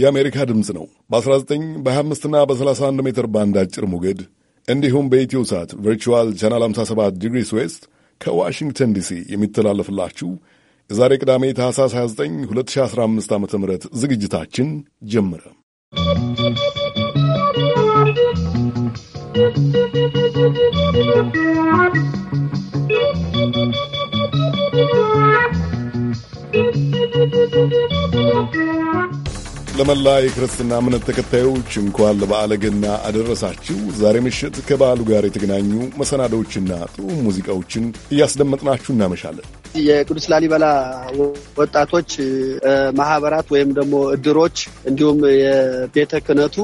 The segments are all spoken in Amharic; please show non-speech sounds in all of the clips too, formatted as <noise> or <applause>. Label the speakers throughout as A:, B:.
A: የአሜሪካ ድምፅ ነው። በ19 በ25ና በ31 ሜትር ባንድ አጭር ሞገድ እንዲሁም በኢትዮ ሳት ቨርቹዋል ቻናል 57 ዲግሪ ስዌስት ከዋሽንግተን ዲሲ የሚተላለፍላችሁ የዛሬ ቅዳሜ ታህሳስ 29 2015 ዓ ም ዝግጅታችን ጀመረ። ¶¶ ለመላ የክርስትና እምነት ተከታዮች እንኳን ለበዓለ ገና አደረሳችሁ። ዛሬ ምሽት ከበዓሉ ጋር የተገናኙ መሰናዶዎችና ጥሩ ሙዚቃዎችን እያስደመጥናችሁ እናመሻለን።
B: የቅዱስ ላሊበላ ወጣቶች ማህበራት ወይም ደግሞ እድሮች እንዲሁም የቤተ ክህነቱ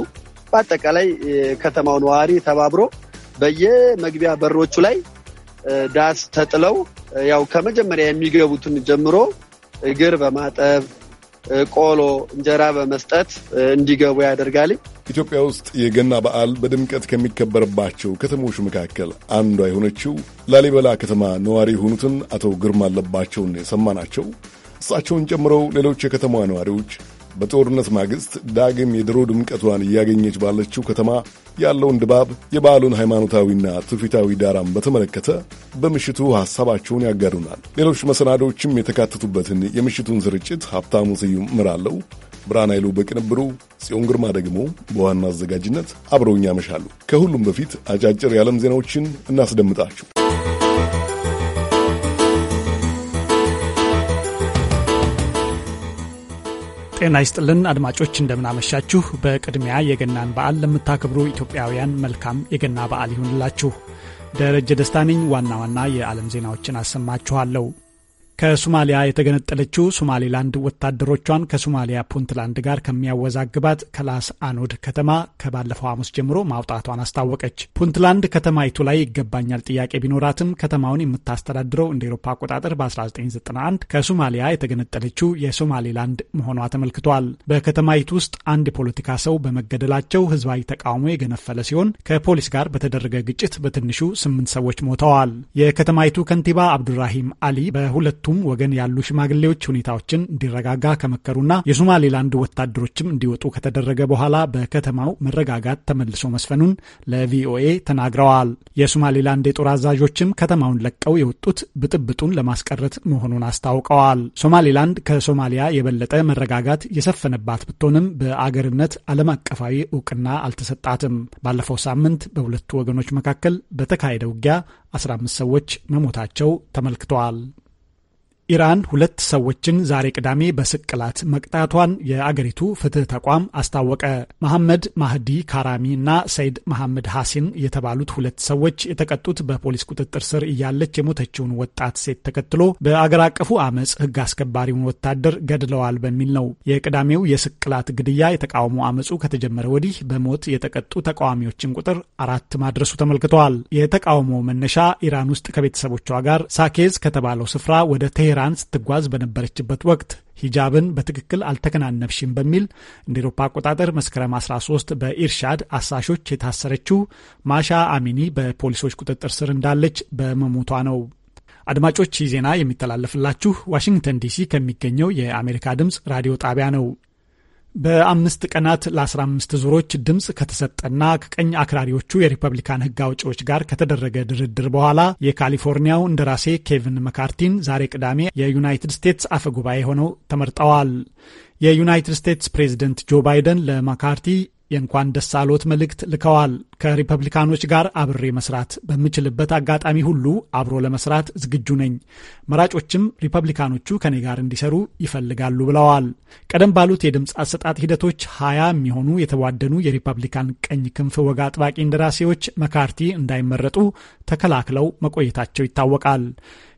B: በአጠቃላይ ከተማው ነዋሪ ተባብሮ በየመግቢያ በሮቹ ላይ ዳስ ተጥለው ያው ከመጀመሪያ የሚገቡትን ጀምሮ እግር በማጠብ ቆሎ፣ እንጀራ በመስጠት እንዲገቡ ያደርጋል።
A: ኢትዮጵያ ውስጥ የገና በዓል በድምቀት ከሚከበርባቸው ከተሞች መካከል አንዷ የሆነችው ላሊበላ ከተማ ነዋሪ የሆኑትን አቶ ግርማ አለባቸውን የሰማናቸው እሳቸውን ጨምረው ሌሎች የከተማዋ ነዋሪዎች በጦርነት ማግስት ዳግም የድሮ ድምቀቷን እያገኘች ባለችው ከተማ ያለውን ድባብ፣ የበዓሉን ሃይማኖታዊና ትውፊታዊ ዳራም በተመለከተ በምሽቱ ሐሳባቸውን ያጋዱናል። ሌሎች መሰናዶዎችም የተካተቱበትን የምሽቱን ስርጭት ሀብታሙ ስዩም እመራለሁ። ብርሃን ኃይሉ በቅንብሩ፣ ጽዮን ግርማ ደግሞ በዋና አዘጋጅነት አብረውኝ ያመሻሉ። ከሁሉም በፊት አጫጭር የዓለም ዜናዎችን እናስደምጣችሁ።
C: ጤና ይስጥልን አድማጮች፣ እንደምናመሻችሁ። በቅድሚያ የገናን በዓል ለምታከብሩ ኢትዮጵያውያን መልካም የገና በዓል ይሁንላችሁ። ደረጀ ደስታ ነኝ። ዋና ዋና የዓለም ዜናዎችን አሰማችኋለሁ። ከሶማሊያ የተገነጠለችው ሶማሌላንድ ወታደሮቿን ከሶማሊያ ፑንትላንድ ጋር ከሚያወዛግባት ከላስ አኖድ ከተማ ከባለፈው ሐሙስ ጀምሮ ማውጣቷን አስታወቀች። ፑንትላንድ ከተማይቱ ላይ ይገባኛል ጥያቄ ቢኖራትም ከተማውን የምታስተዳድረው እንደ ኤሮፓ አቆጣጠር በ1991 ከሶማሊያ የተገነጠለችው የሶማሌላንድ መሆኗ ተመልክቷል። በከተማይቱ ውስጥ አንድ የፖለቲካ ሰው በመገደላቸው ህዝባዊ ተቃውሞ የገነፈለ ሲሆን ከፖሊስ ጋር በተደረገ ግጭት በትንሹ ስምንት ሰዎች ሞተዋል። የከተማይቱ ከንቲባ አብዱራሂም አሊ በሁለቱ በሁለቱም ወገን ያሉ ሽማግሌዎች ሁኔታዎችን እንዲረጋጋ ከመከሩና የሶማሌላንድ ወታደሮችም እንዲወጡ ከተደረገ በኋላ በከተማው መረጋጋት ተመልሶ መስፈኑን ለቪኦኤ ተናግረዋል። የሶማሌላንድ የጦር አዛዦችም ከተማውን ለቀው የወጡት ብጥብጡን ለማስቀረት መሆኑን አስታውቀዋል። ሶማሌላንድ ከሶማሊያ የበለጠ መረጋጋት የሰፈነባት ብትሆንም በአገርነት ዓለም አቀፋዊ እውቅና አልተሰጣትም። ባለፈው ሳምንት በሁለቱ ወገኖች መካከል በተካሄደ ውጊያ 15 ሰዎች መሞታቸው ተመልክተዋል። ኢራን ሁለት ሰዎችን ዛሬ ቅዳሜ በስቅላት መቅጣቷን የአገሪቱ ፍትህ ተቋም አስታወቀ። መሐመድ ማህዲ ካራሚ እና ሰይድ መሐመድ ሐሲን የተባሉት ሁለት ሰዎች የተቀጡት በፖሊስ ቁጥጥር ስር እያለች የሞተችውን ወጣት ሴት ተከትሎ በአገር አቀፉ አመፅ ህግ አስከባሪውን ወታደር ገድለዋል በሚል ነው። የቅዳሜው የስቅላት ግድያ የተቃውሞ አመፁ ከተጀመረ ወዲህ በሞት የተቀጡ ተቃዋሚዎችን ቁጥር አራት ማድረሱ ተመልክተዋል። የተቃውሞ መነሻ ኢራን ውስጥ ከቤተሰቦቿ ጋር ሳኬዝ ከተባለው ስፍራ ወደ ቴሄ ቴህራን ስትጓዝ በነበረችበት ወቅት ሂጃብን በትክክል አልተከናነብሽም በሚል እንደ ኤሮፓ አቆጣጠር መስከረም 13 በኢርሻድ አሳሾች የታሰረችው ማሻ አሚኒ በፖሊሶች ቁጥጥር ስር እንዳለች በመሞቷ ነው። አድማጮች ይህ ዜና የሚተላለፍላችሁ ዋሽንግተን ዲሲ ከሚገኘው የአሜሪካ ድምፅ ራዲዮ ጣቢያ ነው። በአምስት ቀናት ለ15 ዙሮች ድምፅ ከተሰጠና ከቀኝ አክራሪዎቹ የሪፐብሊካን ሕግ አውጪዎች ጋር ከተደረገ ድርድር በኋላ የካሊፎርኒያው እንደራሴ ኬቪን መካርቲን ዛሬ ቅዳሜ የዩናይትድ ስቴትስ አፈ ጉባኤ ሆነው ተመርጠዋል። የዩናይትድ ስቴትስ ፕሬዝደንት ጆ ባይደን ለማካርቲ የእንኳን ደስ አሎት መልእክት ልከዋል። ከሪፐብሊካኖች ጋር አብሬ መስራት በምችልበት አጋጣሚ ሁሉ አብሮ ለመስራት ዝግጁ ነኝ። መራጮችም ሪፐብሊካኖቹ ከኔ ጋር እንዲሰሩ ይፈልጋሉ ብለዋል። ቀደም ባሉት የድምፅ አሰጣጥ ሂደቶች ሀያ የሚሆኑ የተቧደኑ የሪፐብሊካን ቀኝ ክንፍ ወግ አጥባቂ እንደራሴዎች መካርቲ እንዳይመረጡ ተከላክለው መቆየታቸው ይታወቃል።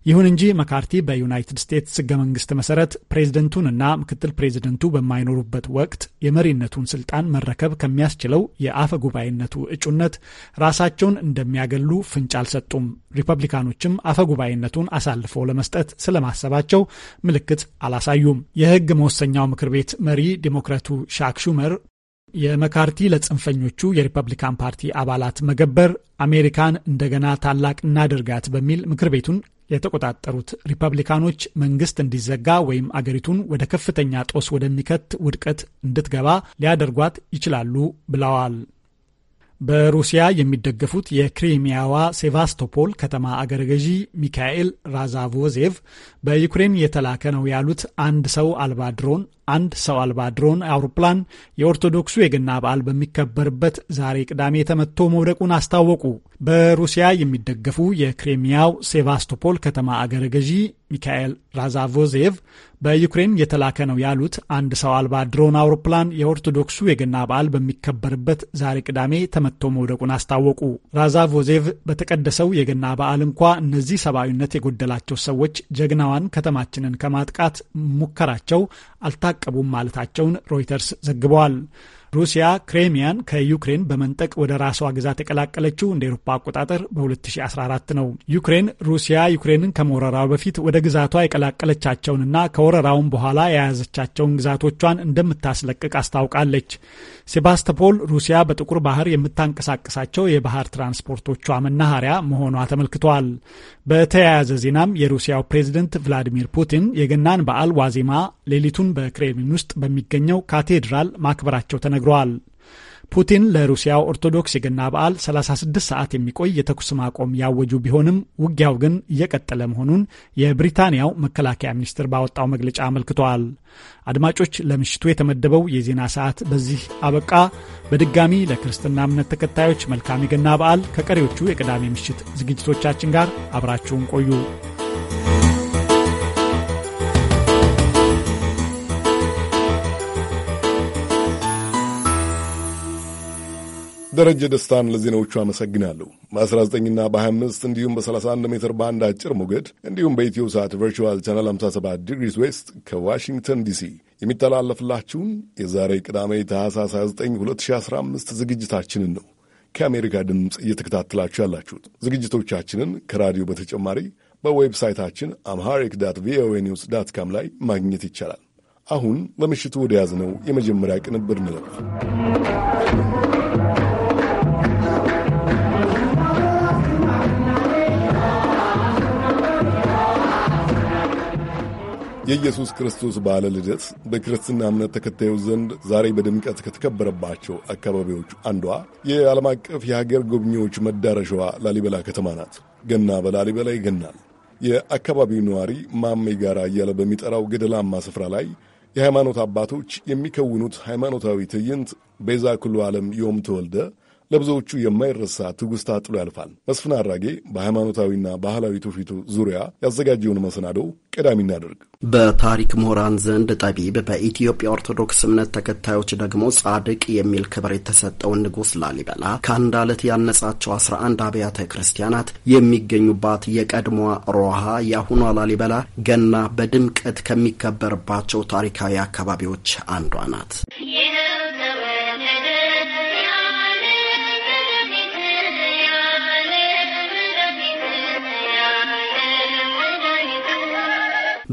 C: ይሁን እንጂ መካርቲ በዩናይትድ ስቴትስ ህገ መንግስት መሰረት ፕሬዝደንቱንና ምክትል ፕሬዝደንቱ በማይኖሩበት ወቅት የመሪነቱን ስልጣን መረከብ ከሚያስችለው የአፈ ጉባኤነቱ እጩነት ራሳቸውን እንደሚያገሉ ፍንጭ አልሰጡም። ሪፐብሊካኖችም አፈ ጉባኤነቱን አሳልፈው ለመስጠት ስለማሰባቸው ምልክት አላሳዩም። የህግ መወሰኛው ምክር ቤት መሪ ዴሞክራቱ ሻክ ሹመር የመካርቲ ለጽንፈኞቹ የሪፐብሊካን ፓርቲ አባላት መገበር አሜሪካን እንደገና ታላቅ እናድርጋት በሚል ምክር ቤቱን የተቆጣጠሩት ሪፐብሊካኖች መንግስት እንዲዘጋ ወይም አገሪቱን ወደ ከፍተኛ ጦስ ወደሚከት ውድቀት እንድትገባ ሊያደርጓት ይችላሉ ብለዋል። በሩሲያ የሚደገፉት የክሪሚያዋ ሴቫስቶፖል ከተማ አገረ ገዢ ሚካኤል ራዛቮዜቭ በዩክሬን የተላከ ነው ያሉት አንድ ሰው አልባ ድሮን አንድ ሰው አልባ ድሮን አውሮፕላን የኦርቶዶክሱ የገና በዓል በሚከበርበት ዛሬ ቅዳሜ ተመቶ መውደቁን አስታወቁ። በሩሲያ የሚደገፉ የክሪሚያው ሴቫስቶፖል ከተማ አገረ ገዢ ሚካኤል ራዛቮዜቭ በዩክሬን የተላከ ነው ያሉት አንድ ሰው አልባ ድሮን አውሮፕላን የኦርቶዶክሱ የገና በዓል በሚከበርበት ዛሬ ቅዳሜ ተመቶ መውደቁን አስታወቁ። ራዛቮዜቭ በተቀደሰው የገና በዓል እንኳ እነዚህ ሰብአዊነት የጎደላቸው ሰዎች ጀግናዋን ከተማችንን ከማጥቃት ሙከራቸው አልታቀቡም ማለታቸውን ሮይተርስ ዘግበዋል። ሩሲያ ክሬሚያን ከዩክሬን በመንጠቅ ወደ ራሷ ግዛት የቀላቀለችው እንደ ኤሮፓ አቆጣጠር በ2014 ነው። ዩክሬን ሩሲያ ዩክሬንን ከመወረራው በፊት ወደ ግዛቷ የቀላቀለቻቸውንና ከወረራውን በኋላ የያዘቻቸውን ግዛቶቿን እንደምታስለቅቅ አስታውቃለች። ሴባስቶፖል ሩሲያ በጥቁር ባህር የምታንቀሳቀሳቸው የባህር ትራንስፖርቶቿ መናኸሪያ መሆኗ ተመልክቷል። በተያያዘ ዜናም የሩሲያው ፕሬዝደንት ቭላዲሚር ፑቲን የገናን በዓል ዋዜማ ሌሊቱን በክሬሚን ውስጥ በሚገኘው ካቴድራል ማክበራቸው ተነግሯል። ተናግረዋል። ፑቲን ለሩሲያው ኦርቶዶክስ የገና በዓል 36 ሰዓት የሚቆይ የተኩስ ማቆም ያወጁ ቢሆንም ውጊያው ግን እየቀጠለ መሆኑን የብሪታንያው መከላከያ ሚኒስትር ባወጣው መግለጫ አመልክተዋል። አድማጮች፣ ለምሽቱ የተመደበው የዜና ሰዓት በዚህ አበቃ። በድጋሚ ለክርስትና እምነት ተከታዮች መልካም የገና በዓል። ከቀሪዎቹ የቅዳሜ ምሽት ዝግጅቶቻችን ጋር አብራችሁን ቆዩ።
A: ደረጀ ደስታን ለዜናዎቹ አመሰግናለሁ። በ19ና በ25 እንዲሁም በ31 ሜትር ባንድ አጭር ሞገድ እንዲሁም በኢትዮ ሰዓት ቨርቹዋል ቻናል 57 ዲግሪስ ዌስት ከዋሽንግተን ዲሲ የሚተላለፍላችሁን የዛሬ ቅዳሜ ታህሳስ 29 2015 ዝግጅታችንን ነው ከአሜሪካ ድምፅ እየተከታተላችሁ ያላችሁት። ዝግጅቶቻችንን ከራዲዮ በተጨማሪ በዌብሳይታችን አምሃሪክ ዳት ቪኦኤ ኒውስ ዳት ካም ላይ ማግኘት ይቻላል። አሁን ለምሽቱ ወደ ያዝነው የመጀመሪያ ቅንብር እንለፍ። የኢየሱስ ክርስቶስ በዓለ ልደት በክርስትና እምነት ተከታዮች ዘንድ ዛሬ በድምቀት ከተከበረባቸው አካባቢዎች አንዷ የዓለም አቀፍ የሀገር ጎብኚዎች መዳረሻዋ ላሊበላ ከተማ ናት። ገና በላሊበላ ይገናል። የአካባቢው ነዋሪ ማሜ ጋራ እያለ በሚጠራው ገደላማ ስፍራ ላይ የሃይማኖት አባቶች የሚከውኑት ሃይማኖታዊ ትዕይንት ቤዛ ኩሉ ዓለም ዮም ተወልደ ለብዙዎቹ የማይረሳ ትውስታ ጥሎ ያልፋል። መስፍን አራጌ በሃይማኖታዊና ባህላዊ ትውፊቱ ዙሪያ ያዘጋጀውን መሰናዶ ቀዳሚ እናደርግ። በታሪክ ምሁራን ዘንድ ጠቢብ፣ በኢትዮጵያ ኦርቶዶክስ
D: እምነት ተከታዮች ደግሞ ጻድቅ የሚል ክብር የተሰጠውን ንጉሥ ላሊበላ ከአንድ አለት ያነጻቸው አስራ አንድ አብያተ ክርስቲያናት የሚገኙባት የቀድሞዋ ሮሃ የአሁኗ ላሊበላ ገና በድምቀት ከሚከበርባቸው ታሪካዊ አካባቢዎች አንዷ ናት።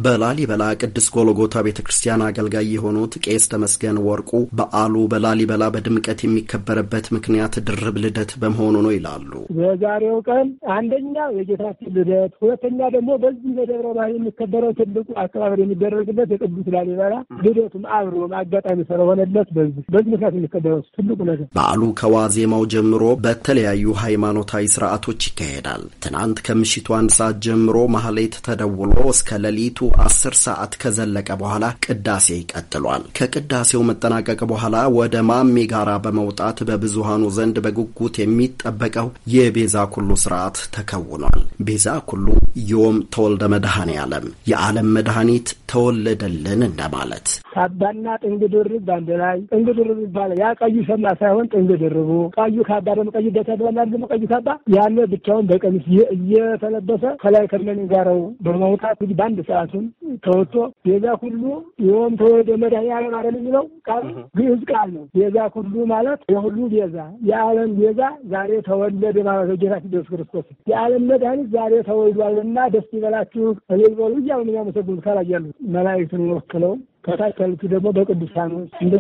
D: በላሊበላ ቅዱስ ጎልጎታ ቤተ ክርስቲያን አገልጋይ የሆኑት ቄስ ተመስገን ወርቁ በዓሉ በላሊበላ በድምቀት የሚከበርበት ምክንያት ድርብ ልደት በመሆኑ ነው ይላሉ።
E: በዛሬው ቀን አንደኛ የጌታችን ልደት፣ ሁለተኛ ደግሞ በዚህ በደብረ ብርሃን የሚከበረው ትልቁ አከባበር የሚደረግበት የቅዱስ ላሊበላ ልደቱም አብሮ አጋጣሚ ስለሆነለት በዚህ በዚህ ምክንያት የሚከበረው ትልቁ ነገር
D: በዓሉ ከዋዜማው ጀምሮ በተለያዩ ሃይማኖታዊ ስርዓቶች ይካሄዳል። ትናንት ከምሽቱ አንድ ሰዓት ጀምሮ ማህሌት ተደውሎ እስከ ሌሊቱ አስር ሰዓት ከዘለቀ በኋላ ቅዳሴ ይቀጥሏል። ከቅዳሴው መጠናቀቅ በኋላ ወደ ማሜ ጋራ በመውጣት በብዙሃኑ ዘንድ በጉጉት የሚጠበቀው የቤዛ ኩሉ ስርዓት ተከውኗል። ቤዛ ኩሉ ዮም ተወልደ መድኃኔ ዓለም የዓለም መድኃኒት ተወለደልን እንደማለት።
E: ካባና ጥንግድርብ በአንድ ላይ ጥንግድርብ ይባላል። ያ ቀዩ ሰማ ሳይሆን ጥንግድርቡ ቀዩ ካባ ደግሞ ቀዩ ደተብለና ደግሞ ቀዩ ካባ ያለ ብቻውን በቀሚስ እየተለበሰ ከላይ ከመኒ ጋረው በመውጣት ባንድ ሰዓት ስም ተወጥቶ ቤዛ ሁሉ ይወም ተወደ መድኃኒዓለም አይደል የሚለው ቃል ግዕዝ ቃል ነው። ቤዛ ሁሉ ማለት የሁሉ ቤዛ የዓለም ቤዛ ዛሬ ተወለደ ማለት ነው። ጌታችን ኢየሱስ ክርስቶስ የዓለም መድኃኒት ዛሬ ተወልዷልና ደስ ይበላችሁ እልል በሉ እያሉ የሚያመሰግኑት ካላያሉ መላእክትን ወክለው ከታች ያሉት ደግሞ በቅዱሳን እንደ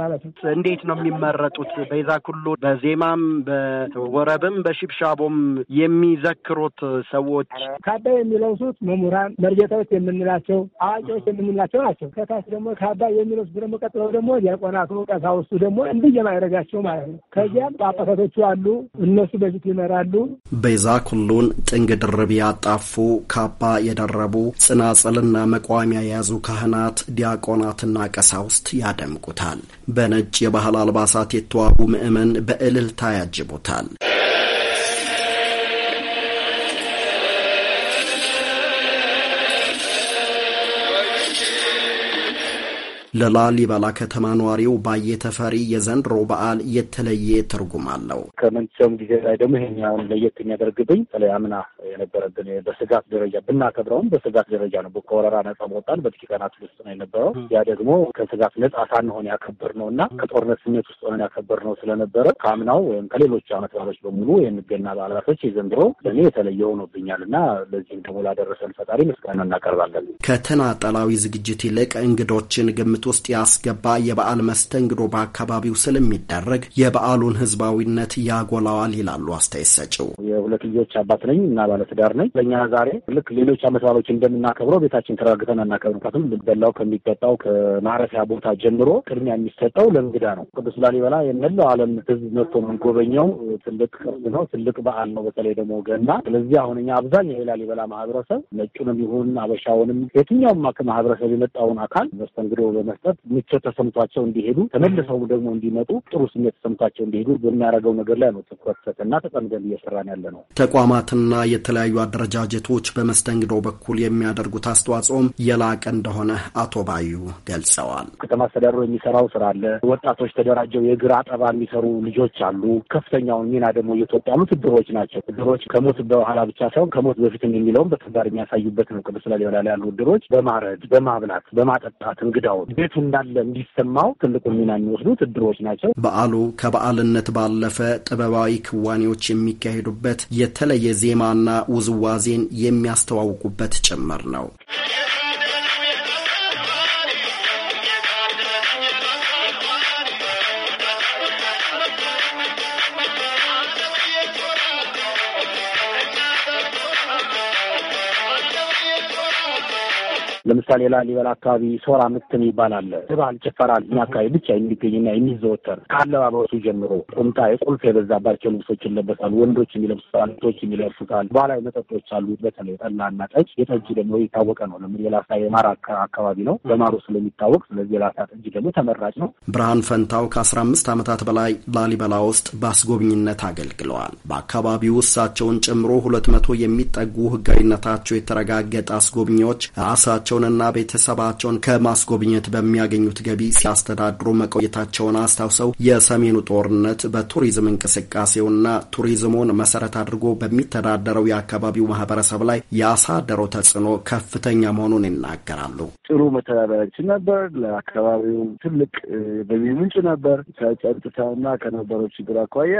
E: ማለት ነው።
D: እንዴት ነው የሚመረጡት? በዛ ሁሉ በዜማም በወረብም በሽብሻቦም የሚዘክሩት ሰዎች ካባ የሚለብሱት
E: መምህራን፣ መርጌታዎች የምንላቸው አዋቂዎች የምንላቸው ናቸው። ከታች ደግሞ ካባ የሚለብሱት ደግሞ ቀጥለው ደግሞ ዲያቆናቱ፣ ቀሳውስቱ ደግሞ እንደየማይረጋቸው ማለት ነው። ከዚያም ጳጳሳቶቹ አሉ። እነሱ በፊት ይመራሉ።
D: ቤዛ ሁሉን ጥንግ ድርብ ያጣፉ ካባ የደረቡ ጽናጽልና መቋሚያ የያዙ ካህናት ዲያቆናትና ቀሳውስት ያደምቁታል። በነጭ የባህል አልባሳት የተዋቡ ምዕመን በእልልታ ያጅቡታል። ለላሊበላ ከተማ ነዋሪው ባየ ተፈሪ የዘንድሮ በዓል የተለየ ትርጉም አለው።
F: ከመንቸውም ጊዜ ላይ ደግሞ ይሄኛውን ለየት የሚያደርግብኝ በተለይ አምና የነበረብን በስጋት ደረጃ ብናከብረውም በስጋት ደረጃ ነው። ከወረራ ነጻ መውጣን በጥቂት ቀናት ውስጥ ነው የነበረው። ያ ደግሞ ከስጋት ነጻ ሳንሆን ነው እና ከጦርነት ስሜት ውስጥ ሆነን ያከበር ነው ስለነበረ ከአምናው ወይም ከሌሎች አመት በዓሎች በሙሉ የሚገና በዓላቶች የዘንድሮ ለእኔ የተለየ ሆኖብኛል እና ለዚህም ደግሞ ላደረሰን ፈጣሪ
G: ምስጋና እናቀርባለን።
D: ከተናጠላዊ ዝግጅት ይልቅ እንግዶችን ግምት ግምት ውስጥ ያስገባ የበዓል መስተንግዶ በአካባቢው ስለሚደረግ የበዓሉን ህዝባዊነት ያጎላዋል ይላሉ አስተያየት ሰጭው። የሁለት ልጆች አባት ነኝ እና
F: ባለትዳር ነኝ። ለእኛ ዛሬ ልክ ሌሎች ዓመት በዓሎች እንደምናከብረው ቤታችን ተረጋግተን አናከብር። ምክንያቱም ልበላው ከሚጠጣው ከማረፊያ ቦታ ጀምሮ ቅድሚያ የሚሰጠው ለእንግዳ ነው። ቅዱስ ላሊበላ የመላው ዓለም ህዝብ መጥቶ የምንጎበኘው ትልቅ ቅርስ ነው፣ ትልቅ በዓል ነው። በተለይ ደግሞ ገና። ስለዚህ አሁን እኛ አብዛኛው የላሊበላ ማህበረሰብ ነጩንም ይሁን አበሻውንም የትኛውም ማህበረሰብ የመጣውን አካል መስተንግዶ በመስጠት ምቾት ተሰምቷቸው እንዲሄዱ ተመልሰው ደግሞ እንዲመጡ ጥሩ ስሜት ተሰምቷቸው እንዲሄዱ በሚያደርገው ነገር ላይ ነው ትኩረት ሰጥና ተጠምደን እየሰራን ያለ ነው።
D: ተቋማትና የተለያዩ አደረጃጀቶች በመስተንግዶ በኩል የሚያደርጉት አስተዋጽኦም የላቀ እንደሆነ አቶ ባዩ ገልጸዋል።
F: ከተማ አስተዳደሩ የሚሰራው ስራ አለ። ወጣቶች ተደራጀው የእግር አጠባ የሚሰሩ ልጆች አሉ። ከፍተኛውን ሚና ደግሞ እየተወጡ ያሉት እድሮች ናቸው። እድሮች ከሞት በኋላ ብቻ ሳይሆን ከሞት በፊትም የሚለውም በተግባር የሚያሳዩበት ነው። ቅዱስ ላሊበላ ላይ ያሉ እድሮች በማረድ በማብላት በማጠጣት እንግዳውን እንዴት እንዳለ እንዲሰማው
D: ትልቁን ሚና የሚወስዱት እድሮች ናቸው። በዓሉ ከበዓልነት ባለፈ ጥበባዊ ክዋኔዎች የሚካሄዱበት የተለየ ዜማና ውዝዋዜን የሚያስተዋውቁበት ጭምር ነው።
F: ለምሳሌ ላሊበላ አካባቢ ሶራ ምት ይባላል። አለ። የባህል ጭፈራ እኛ አካባቢ ብቻ የሚገኝና የሚዘወተር ከአለባበሱ ጀምሮ ቁምጣ የቁልፍ የበዛባቸው ልብሶች ይለበሳሉ። ወንዶች የሚለብሱታል፣ ሴቶች የሚለብሱታል። ባህላዊ መጠጦች አሉ። በተለይ ጠላና ጠጅ። የጠጅ ደግሞ የታወቀ ነው። ለምን የላሳ የማር አካባቢ ነው፣ በማሩ ስለሚታወቅ ስለዚህ የላሳ ጠጅ ደግሞ ተመራጭ
D: ነው። ብርሃን ፈንታው ከአስራ አምስት ዓመታት በላይ ላሊበላ ውስጥ በአስጎብኝነት አገልግለዋል። በአካባቢው እሳቸውን ጨምሮ ሁለት መቶ የሚጠጉ ህጋዊነታቸው የተረጋገጠ አስጎብኚዎች ራሳቸው ልጆቻቸውንና ቤተሰባቸውን ከማስጎብኘት በሚያገኙት ገቢ ሲያስተዳድሩ መቆየታቸውን አስታውሰው የሰሜኑ ጦርነት በቱሪዝም እንቅስቃሴውና ቱሪዝሙን መሰረት አድርጎ በሚተዳደረው የአካባቢው ማህበረሰብ ላይ ያሳደረው ተጽዕኖ ከፍተኛ መሆኑን ይናገራሉ።
F: ጥሩ መተዳደሪያችን ነበር። ለአካባቢው ትልቅ ገቢ ምንጭ ነበር። ከጸጥታና ከነበረው ችግር አኳያ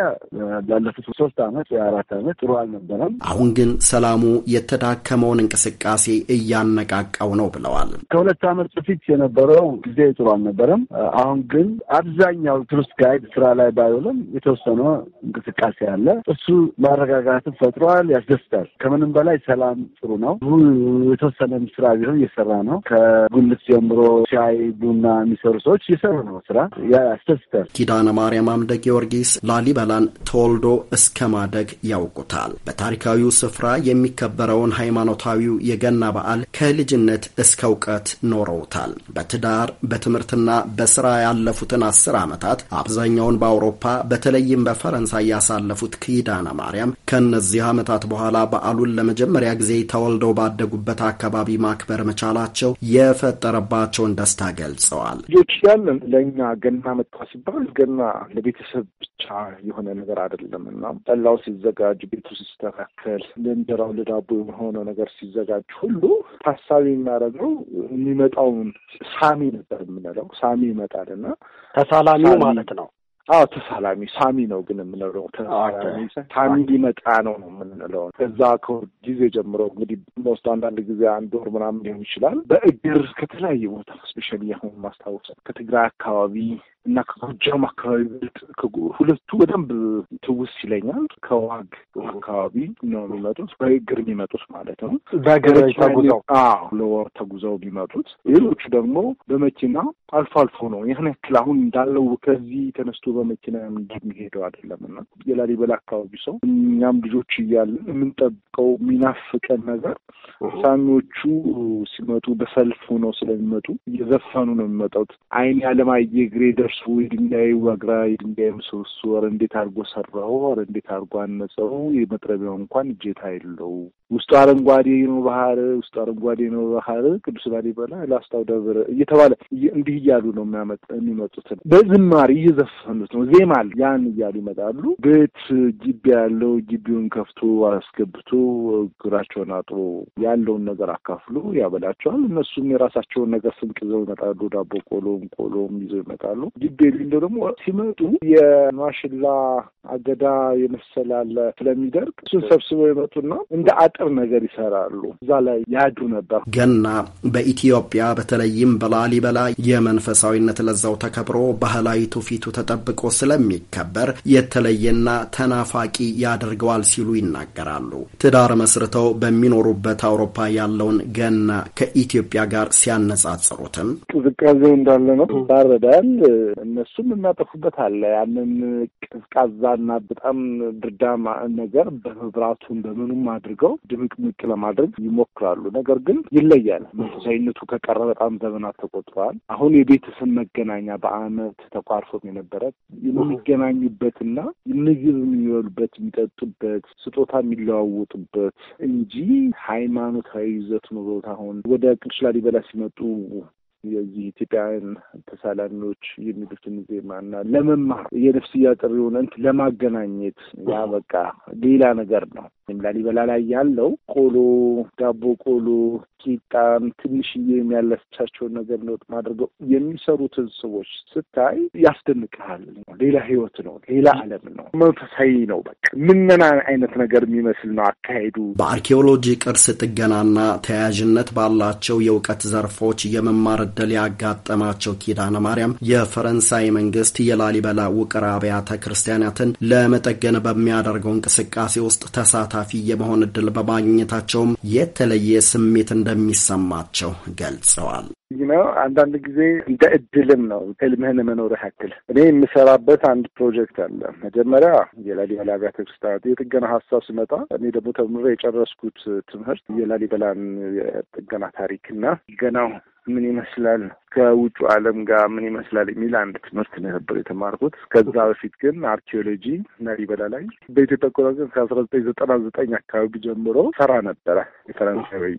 F: ላለፉት ሶስት አመት የአራት አመት ጥሩ አልነበረም።
D: አሁን ግን ሰላሙ የተዳከመውን እንቅስቃሴ እያነቃቃው ነው ብለዋል።
F: ከሁለት ዓመት በፊት የነበረው ጊዜ ጥሩ አልነበረም። አሁን ግን አብዛኛው ቱሪስት ጋይድ ስራ ላይ ባይውልም የተወሰነ እንቅስቃሴ አለ። እሱ ማረጋጋትን ፈጥሯል፣ ያስደስታል። ከምንም በላይ ሰላም ጥሩ ነው። የተወሰነም ስራ ቢሆን እየሰራ ነው። ከጉልት ጀምሮ ሻይ ቡና የሚሰሩ ሰዎች እየሰሩ
H: ነው ስራ፣ ያስደስታል።
D: ኪዳነ ማርያም አምደ ጊዮርጊስ ላሊበላን ተወልዶ እስከ ማደግ ያውቁታል። በታሪካዊው ስፍራ የሚከበረውን ሃይማኖታዊው የገና በዓል ከልጅነት እስከ እውቀት ኖረውታል። በትዳር በትምህርትና በስራ ያለፉትን አስር ዓመታት አብዛኛውን በአውሮፓ በተለይም በፈረንሳይ ያሳለፉት ክሂዳነ ማርያም ከእነዚህ ዓመታት በኋላ በዓሉን ለመጀመሪያ ጊዜ ተወልደው ባደጉበት አካባቢ ማክበር መቻላቸው የፈጠረባቸውን ደስታ ገልጸዋል።
G: ልጆች ያለን ለእኛ ገና መጣ ሲባል ገና ለቤተሰብ ብቻ የሆነ ነገር አይደለም እና ጠላው ሲዘጋጅ፣ ቤቱ ሲስተካከል፣ ለእንጀራው ለዳቦ የሆነ ነገር ሲዘጋጅ ሁሉ ታሳቢ ስናደርገው የሚመጣውን ሳሚ ነበር የምንለው። ሳሚ ይመጣል እና
C: ተሳላሚው ማለት
B: ነው።
G: አዎ ተሳላሚ ሳሚ ነው ግን የምንለው ታሚ ሊመጣ ነው ነው የምንለው። ከዛ ጊዜ ጀምሮ እንግዲህ ሞስት አንዳንድ ጊዜ አንድ ወር ምናምን ሊሆን ይችላል። በእግር ከተለያየ ቦታ ስፔሻሊ አሁን ማስታወሰ ከትግራይ አካባቢ እና ከጎጃም አካባቢ ብልጥ ሁለቱ በደንብ ትውስ ይለኛል። ከዋግ አካባቢ ነው የሚመጡት፣ በእግር የሚመጡት ማለት ነው። በገረጅ ተጉዘው ለወር ተጉዘው የሚመጡት ሌሎቹ ደግሞ በመኪና አልፎ አልፎ ነው። ይህን ያክል አሁን እንዳለው ከዚህ ተነስቶ በመኪና እንደሚሄደው አይደለም እና የላሊበላ አካባቢ ሰው እኛም ልጆች እያለን የምንጠብቀው የሚናፍቀን ነገር ሳሚዎቹ ሲመጡ በሰልፍ ሆነው ስለሚመጡ እየዘፈኑ ነው የሚመጣው። አይን ያለማየ ግሬደር እርሱ የድንጋይ ዋግራ የድንጋይ ምሰሶ ኧረ እንዴት አድርጎ ሰራው ኧረ እንዴት አድርጎ አነጸው የመጥረቢያው እንኳን እጀታ የለው ውስጡ አረንጓዴ ነው ባህር፣ ውስጡ አረንጓዴ ነው ባህር፣ ቅዱስ ላሊበላ፣ ላስታው ደብር እየተባለ እንዲህ እያሉ ነው የሚመጡት። የሚመጡትን እየዘፈኑት ነው። ዜማ አለ ያን እያሉ ይመጣሉ። ቤት ግቢ ያለው ግቢውን ከፍቶ አስገብቶ እግራቸውን አጥሮ ያለውን ነገር አካፍሎ ያበላቸዋል። እነሱም የራሳቸውን ነገር ስንቅ ይዘው ይመጣሉ። ዳቦ ቆሎም ቆሎም ይዘው ይመጣሉ። ግቢ የሌለው ደግሞ ሲመጡ የማሽላ አገዳ የመሰላለ ስለሚደርቅ እሱን ሰብስበው ይመጡና
D: እንደ አጥ የሚፈጥር ነገር ይሰራሉ። እዛ ላይ ያዱ ነበር። ገና በኢትዮጵያ በተለይም በላሊበላ የመንፈሳዊነት ለዛው ተከብሮ ባህላዊ ትውፊቱ ተጠብቆ ስለሚከበር የተለየና ተናፋቂ ያደርገዋል ሲሉ ይናገራሉ። ትዳር መስርተው በሚኖሩበት አውሮፓ ያለውን ገና ከኢትዮጵያ ጋር ሲያነጻጽሩትም
G: ቅዝቃዜው እንዳለ ነው፣ ባረዳል። እነሱም የሚያጠፉበት አለ። ያንን ቀዝቃዛና በጣም ብርዳማ ነገር በመብራቱን በምኑም አድርገው ምቅ ለማድረግ ይሞክራሉ። ነገር ግን ይለያል። መንፈሳዊነቱ ከቀረ በጣም ዘመናት ተቆጥረዋል። አሁን የቤተሰብ መገናኛ በአመት ተኳርፎም የነበረ የሚገናኙበትና ምግብ የሚበሉበት፣ የሚጠጡበት፣ ስጦታ የሚለዋወጡበት እንጂ ሃይማኖታዊ ይዘቱ ኑሮት አሁን ወደ ቅዱስ ላሊበላ ሲመጡ የዚህ ኢትዮጵያውያን ተሳላሚዎች የሚሉትን ዜማና ለመማር የነፍስያ ጥሪ ሆነ እንትን ለማገናኘት ያ በቃ ሌላ ነገር ነው። ላሊበላ ላይ ያለው ቆሎ፣ ዳቦ ቆሎ፣ ቂጣም ትንሽዬ የሚያለቻቸውን ነገር ለውጥ ማድረገው የሚሰሩትን ሰዎች ስታይ ያስደንቅሃል። ሌላ ህይወት ነው፣ ሌላ አለም ነው፣ መንፈሳዊ ነው። በቃ ምነና አይነት ነገር የሚመስል ነው አካሄዱ።
D: በአርኪኦሎጂ ቅርስ ጥገናና ተያያዥነት ባላቸው የእውቀት ዘርፎች የመማር እድል ያጋጠማቸው ኪዳነ ማርያም የፈረንሳይ መንግስት የላሊበላ ውቅር አብያተ ክርስቲያናትን ለመጠገን በሚያደርገው እንቅስቃሴ ውስጥ ተሳታ ተሳታፊ የመሆን እድል በማግኘታቸውም የተለየ ስሜት እንደሚሰማቸው ገልጸዋል።
G: ነው። አንዳንድ ጊዜ እንደ እድልም ነው ህልምህን መኖር ያክል። እኔ የምሰራበት አንድ ፕሮጀክት አለ። መጀመሪያ የላሊበላ አብያተ ክርስቲያናት የጥገና ሀሳብ ስመጣ እኔ ደግሞ ተምሮ የጨረስኩት ትምህርት የላሊበላን የጥገና ታሪክ እና ገናው ምን ይመስላል ከውጩ ዓለም ጋር ምን ይመስላል የሚል አንድ ትምህርት ነው ነበር የተማርኩት። ከዛ በፊት ግን አርኪኦሎጂ ላሊበላ ላይ በኢትዮጵያ አቆጣጠር ከአስራ ዘጠኝ ዘጠና ዘጠኝ አካባቢ ጀምሮ ሰራ ነበረ የፈረንሳዊ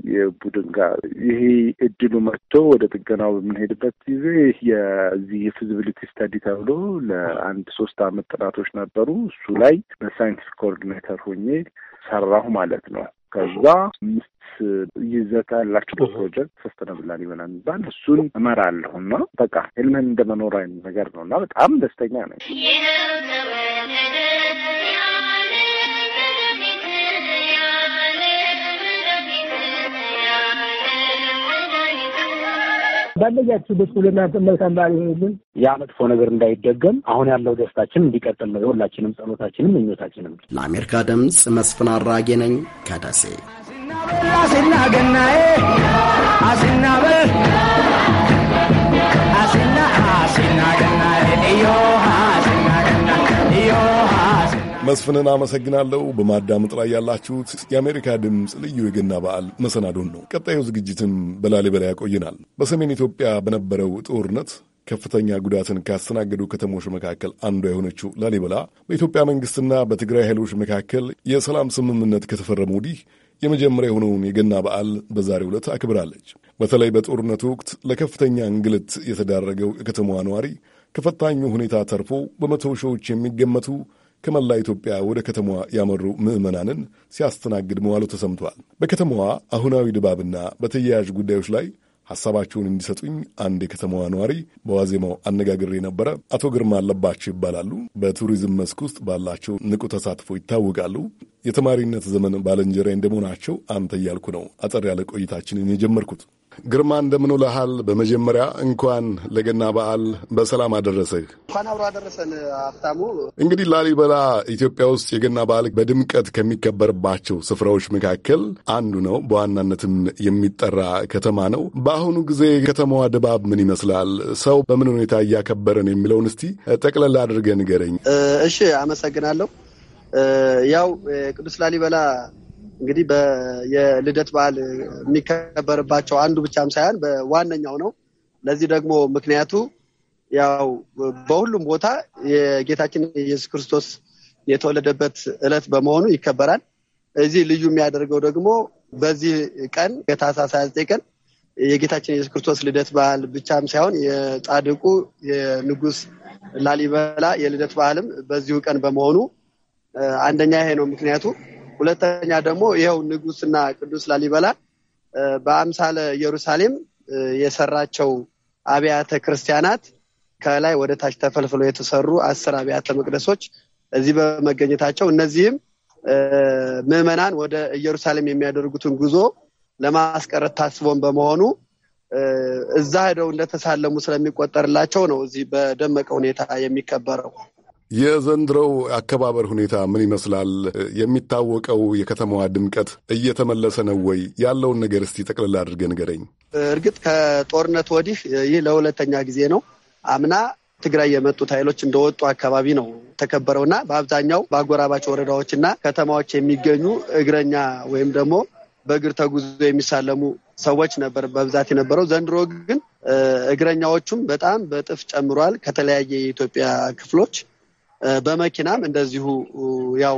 G: ቡድን ጋር። ይሄ እድሉ መጥቶ ወደ ጥገናው በምንሄድበት ጊዜ የዚህ የፊዚቢሊቲ ስተዲ ተብሎ ለአንድ ሶስት አመት ጥናቶች ነበሩ። እሱ ላይ በሳይንቲፊክ ኮኦርዲኔተር ሆኜ ሰራሁ ማለት ነው። ከዛ አምስት ይዘት ያላቸው ፕሮጀክት ሰስተነብላ ሊበላ የሚባል እሱን እመራለሁ እና በቃ ህልምህን እንደመኖር አይነት ነገር ነው እና በጣም ደስተኛ ነኝ።
E: ባለያችሁበት ሁሉና መልካም በዓል ይሆንልን። ያ
F: መጥፎ
D: ነገር እንዳይደገም አሁን ያለው ደስታችን እንዲቀጥል ነው የሁላችንም ጸሎታችንም ምኞታችንም። ለአሜሪካ ድምፅ መስፍን አራጌ ነኝ ከደሴ። አሲና ገናዬ
A: አሲና በል አሲና አሲና ገናዬ እዮ መስፍንን አመሰግናለሁ። በማዳመጥ ላይ ያላችሁት የአሜሪካ ድምፅ ልዩ የገና በዓል መሰናዶን ነው። ቀጣዩ ዝግጅትም በላሊበላ ያቆይናል። በሰሜን ኢትዮጵያ በነበረው ጦርነት ከፍተኛ ጉዳትን ካስተናገዱ ከተሞች መካከል አንዷ የሆነችው ላሊበላ በኢትዮጵያ መንግስትና በትግራይ ኃይሎች መካከል የሰላም ስምምነት ከተፈረመ ወዲህ የመጀመሪያ የሆነውን የገና በዓል በዛሬው ዕለት አክብራለች። በተለይ በጦርነቱ ወቅት ለከፍተኛ እንግልት የተዳረገው የከተማዋ ነዋሪ ከፈታኙ ሁኔታ ተርፎ በመቶ ሺዎች የሚገመቱ ከመላ ኢትዮጵያ ወደ ከተማዋ ያመሩ ምዕመናንን ሲያስተናግድ መዋሉ ተሰምቷል። በከተማዋ አሁናዊ ድባብና በተያያዥ ጉዳዮች ላይ ሐሳባቸውን እንዲሰጡኝ አንድ የከተማዋ ነዋሪ በዋዜማው አነጋግሬ ነበረ። አቶ ግርማ አለባቸው ይባላሉ። በቱሪዝም መስክ ውስጥ ባላቸው ንቁ ተሳትፎ ይታወቃሉ። የተማሪነት ዘመን ባልንጀራ እንደመሆናቸው አንተ እያልኩ ነው አጠር ያለ ቆይታችንን የጀመርኩት። ግርማ እንደምን ውለሃል? በመጀመሪያ እንኳን ለገና በዓል በሰላም አደረሰህ።
B: እንኳን አብሮ አደረሰን ሀብታሙ።
A: እንግዲህ ላሊበላ ኢትዮጵያ ውስጥ የገና በዓል በድምቀት ከሚከበርባቸው ስፍራዎች መካከል አንዱ ነው። በዋናነትም የሚጠራ ከተማ ነው። በአሁኑ ጊዜ ከተማዋ ድባብ ምን ይመስላል? ሰው በምን ሁኔታ እያከበረን የሚለውን እስቲ ጠቅለል አድርገህ ንገረኝ።
B: እሺ፣ አመሰግናለሁ። ያው ቅዱስ ላሊበላ እንግዲህ የልደት በዓል የሚከበርባቸው አንዱ ብቻም ሳይሆን በዋነኛው ነው። ለዚህ ደግሞ ምክንያቱ ያው በሁሉም ቦታ የጌታችን ኢየሱስ ክርስቶስ የተወለደበት ዕለት በመሆኑ ይከበራል። እዚህ ልዩ የሚያደርገው ደግሞ በዚህ ቀን ታኅሳስ 29 ቀን የጌታችን ኢየሱስ ክርስቶስ ልደት በዓል ብቻም ሳይሆን የጻድቁ የንጉስ ላሊበላ የልደት በዓልም በዚሁ ቀን በመሆኑ አንደኛ ይሄ ነው ምክንያቱ። ሁለተኛ ደግሞ ይኸው ንጉስና ቅዱስ ላሊበላ በአምሳለ ኢየሩሳሌም የሰራቸው አብያተ ክርስቲያናት ከላይ ወደ ታች ተፈልፍለው የተሰሩ አስር አብያተ መቅደሶች እዚህ በመገኘታቸው እነዚህም ምዕመናን ወደ ኢየሩሳሌም የሚያደርጉትን ጉዞ ለማስቀረት ታስቦን በመሆኑ እዛ ሄደው እንደተሳለሙ ስለሚቆጠርላቸው ነው እዚህ በደመቀ ሁኔታ የሚከበረው።
A: የዘንድሮው አከባበር ሁኔታ ምን ይመስላል? የሚታወቀው የከተማዋ ድምቀት እየተመለሰ ነው ወይ? ያለውን ነገር እስቲ ጠቅልል አድርገ ንገረኝ።
B: እርግጥ ከጦርነት ወዲህ ይህ ለሁለተኛ ጊዜ ነው። አምና ትግራይ የመጡት ኃይሎች እንደወጡ አካባቢ ነው ተከበረውና በአብዛኛው በአጎራባች ወረዳዎችና ከተማዎች የሚገኙ እግረኛ ወይም ደግሞ በእግር ተጉዞ የሚሳለሙ ሰዎች ነበር በብዛት የነበረው። ዘንድሮ ግን እግረኛዎቹም በጣም በጥፍ ጨምሯል። ከተለያየ የኢትዮጵያ ክፍሎች በመኪናም እንደዚሁ ያው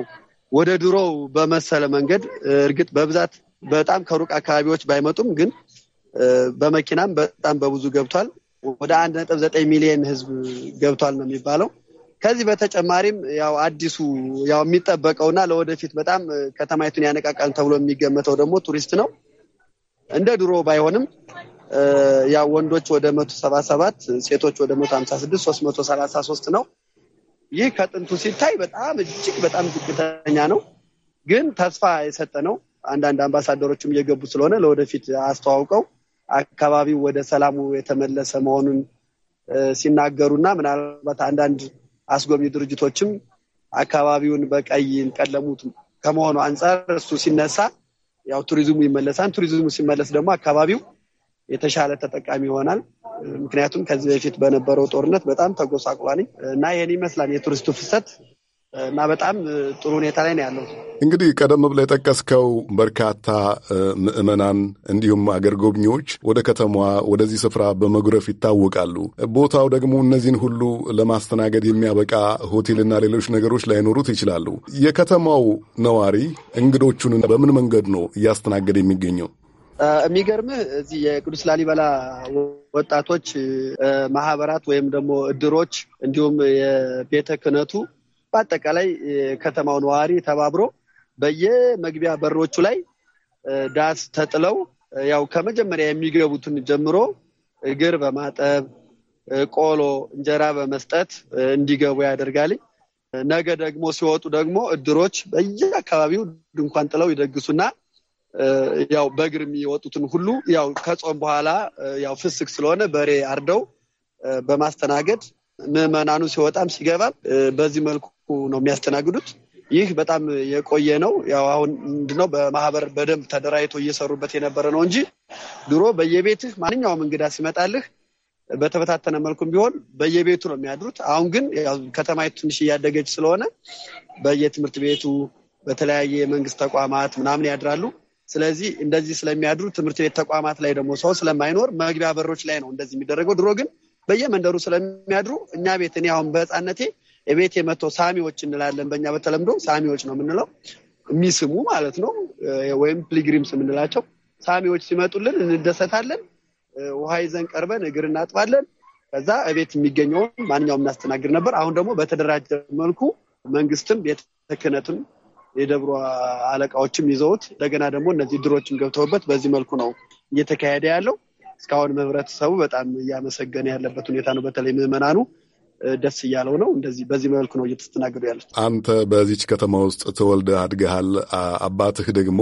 B: ወደ ድሮው በመሰለ መንገድ እርግጥ በብዛት በጣም ከሩቅ አካባቢዎች ባይመጡም ግን በመኪናም በጣም በብዙ ገብቷል። ወደ አንድ ነጥብ ዘጠኝ ሚሊዮን ህዝብ ገብቷል ነው የሚባለው። ከዚህ በተጨማሪም ያው አዲሱ ያው የሚጠበቀውና ለወደፊት በጣም ከተማይቱን ያነቃቃል ተብሎ የሚገመተው ደግሞ ቱሪስት ነው። እንደ ድሮ ባይሆንም ያው ወንዶች ወደ መቶ ሰባ ሰባት ሴቶች ወደ መቶ ሀምሳ ስድስት ሶስት መቶ ሰላሳ ሶስት ነው። ይህ ከጥንቱ ሲታይ በጣም እጅግ በጣም ዝቅተኛ ነው፣ ግን ተስፋ የሰጠ ነው። አንዳንድ አምባሳደሮችም እየገቡ ስለሆነ ለወደፊት አስተዋውቀው አካባቢው ወደ ሰላሙ የተመለሰ መሆኑን ሲናገሩና ምናልባት አንዳንድ አስጎብኝ ድርጅቶችም አካባቢውን በቀይ ቀለሙት ከመሆኑ አንጻር እሱ ሲነሳ ያው ቱሪዝሙ ይመለሳል። ቱሪዝሙ ሲመለስ ደግሞ አካባቢው የተሻለ ተጠቃሚ ይሆናል። ምክንያቱም ከዚህ በፊት በነበረው ጦርነት በጣም ተጎሳቁሏል እና ይህን ይመስላል የቱሪስቱ ፍሰት እና በጣም ጥሩ ሁኔታ ላይ ነው ያለው።
A: እንግዲህ ቀደም ብለህ የጠቀስከው በርካታ ምዕመናን እንዲሁም አገር ጎብኚዎች ወደ ከተማዋ ወደዚህ ስፍራ በመጉረፍ ይታወቃሉ። ቦታው ደግሞ እነዚህን ሁሉ ለማስተናገድ የሚያበቃ ሆቴልና ሌሎች ነገሮች ላይኖሩት ይችላሉ። የከተማው ነዋሪ እንግዶቹን በምን መንገድ ነው እያስተናገደ የሚገኘው?
B: የሚገርምህ እዚህ የቅዱስ ላሊበላ ወጣቶች ማህበራት ወይም ደግሞ እድሮች እንዲሁም የቤተ ክህነቱ በአጠቃላይ ከተማው ነዋሪ ተባብሮ በየመግቢያ በሮቹ ላይ ዳስ ተጥለው ያው ከመጀመሪያ የሚገቡትን ጀምሮ እግር በማጠብ ቆሎ፣ እንጀራ በመስጠት እንዲገቡ ያደርጋል። ነገ ደግሞ ሲወጡ ደግሞ እድሮች በየአካባቢው ድንኳን ጥለው ይደግሱና ያው በእግር የሚወጡትን ሁሉ ያው ከጾም በኋላ ያው ፍስክ ስለሆነ በሬ አርደው በማስተናገድ ምዕመናኑ ሲወጣም ሲገባም በዚህ መልኩ ነው የሚያስተናግዱት። ይህ በጣም የቆየ ነው። ያው አሁን ምንድነው በማህበር በደንብ ተደራጅቶ እየሰሩበት የነበረ ነው እንጂ ድሮ በየቤትህ ማንኛውም እንግዳ ሲመጣልህ በተበታተነ መልኩም ቢሆን በየቤቱ ነው የሚያድሩት። አሁን ግን ከተማይቱ ትንሽ እያደገች ስለሆነ በየትምህርት ቤቱ በተለያየ የመንግስት ተቋማት ምናምን ያድራሉ። ስለዚህ እንደዚህ ስለሚያድሩ ትምህርት ቤት ተቋማት ላይ ደግሞ ሰው ስለማይኖር መግቢያ በሮች ላይ ነው እንደዚህ የሚደረገው። ድሮ ግን በየመንደሩ ስለሚያድሩ እኛ ቤት እኔ አሁን በህፃነቴ ቤት የመቶ ሳሚዎች እንላለን። በእኛ በተለምዶ ሳሚዎች ነው የምንለው የሚስሙ ማለት ነው፣ ወይም ፕሊግሪምስ የምንላቸው ሳሚዎች ሲመጡልን እንደሰታለን። ውሃ ይዘን ቀርበን እግር እናጥባለን። ከዛ እቤት የሚገኘውን ማንኛውም እናስተናግድ ነበር። አሁን ደግሞ በተደራጀ መልኩ መንግስትም ቤተ ክህነትም የደብሮ አለቃዎችም ይዘውት እንደገና ደግሞ እነዚህ ድሮችም ገብተውበት በዚህ መልኩ ነው እየተካሄደ ያለው። እስካሁን ህብረተሰቡ በጣም እያመሰገነ ያለበት ሁኔታ ነው። በተለይ ምዕመናኑ ደስ እያለው ነው። እንደዚህ በዚህ መልኩ ነው እየተስተናገዱ ያሉት።
A: አንተ በዚች ከተማ ውስጥ ተወልደ አድገሃል። አባትህ ደግሞ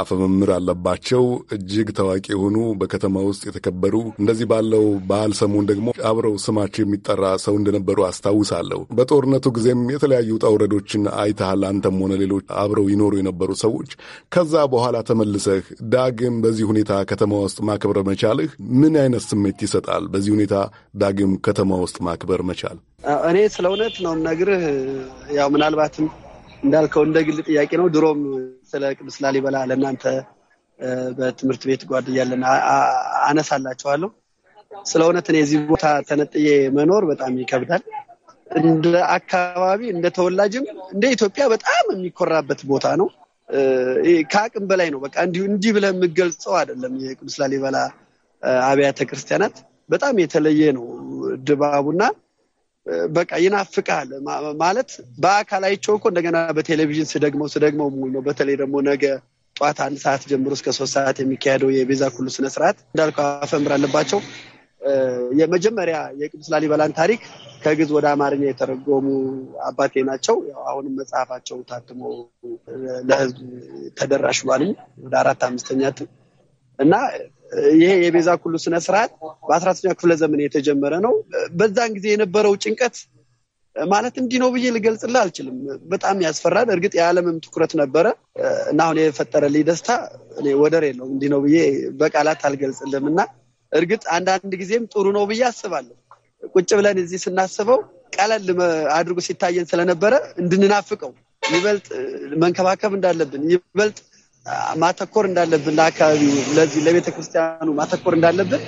A: አፈመምር አለባቸው እጅግ ታዋቂ የሆኑ በከተማ ውስጥ የተከበሩ እንደዚህ ባለው ባህል ሰሞን ደግሞ አብረው ስማቸው የሚጠራ ሰው እንደነበሩ አስታውሳለሁ። በጦርነቱ ጊዜም የተለያዩ ውጣ ውረዶችን አይተሃል። አንተም ሆነ ሌሎች አብረው ይኖሩ የነበሩ ሰዎች ከዛ በኋላ ተመልሰህ ዳግም በዚህ ሁኔታ ከተማ ውስጥ ማክበር መቻልህ ምን አይነት ስሜት ይሰጣል? በዚህ ሁኔታ ዳግም ከተማ ውስጥ ማክበር መቻል
B: ይመስላል? እኔ ስለ እውነት ነው የምነግርህ። ያው ምናልባትም እንዳልከው እንደ ግል ጥያቄ ነው። ድሮም ስለ ቅዱስ ላሊበላ ለእናንተ በትምህርት ቤት ጓድ አነሳላቸዋለሁ። አነሳላችኋለሁ። ስለ እውነት እኔ እዚህ ቦታ ተነጥዬ መኖር በጣም ይከብዳል። እንደ አካባቢ እንደ ተወላጅም እንደ ኢትዮጵያ በጣም የሚኮራበት ቦታ ነው። ከአቅም በላይ ነው። በቃ እንዲሁ እንዲህ ብለህ የምገልጸው አይደለም። የቅዱስ ላሊበላ አብያተ ክርስቲያናት በጣም የተለየ ነው ድባቡና በቃ ይናፍቃል ማለት በአካል አይቼው እኮ እንደገና በቴሌቪዥን ስደግመው ስደግመው ሙሉ ነው። በተለይ ደግሞ ነገ ጠዋት አንድ ሰዓት ጀምሮ እስከ ሶስት ሰዓት የሚካሄደው የቤዛ ኩሉ ስነስርዓት እንዳልከው አፈምር አለባቸው የመጀመሪያ የቅዱስ ላሊበላን ታሪክ ከግዕዝ ወደ አማርኛ የተረጎሙ አባቴ ናቸው። አሁንም መጽሐፋቸው ታትሞ ለሕዝብ ተደራሽ ብሏል። ወደ አራት አምስተኛ እና ይሄ የቤዛ ኩሉ ስነ ስርዓት በአስራተኛው ክፍለ ዘመን የተጀመረ ነው። በዛን ጊዜ የነበረው ጭንቀት ማለት እንዲህ ነው ብዬ ልገልጽልህ አልችልም። በጣም ያስፈራል። እርግጥ የዓለምም ትኩረት ነበረ እና አሁን የፈጠረልኝ ደስታ እኔ ወደር የለውም። እንዲህ ነው ብዬ በቃላት አልገልጽልም እና እርግጥ አንዳንድ ጊዜም ጥሩ ነው ብዬ አስባለሁ። ቁጭ ብለን እዚህ ስናስበው ቀለል አድርጎ ሲታየን ስለነበረ እንድንናፍቀው ይበልጥ መንከባከብ እንዳለብን ይበልጥ ማተኮር እንዳለብን ለአካባቢው ለዚህ ለቤተ ክርስቲያኑ ማተኮር እንዳለብን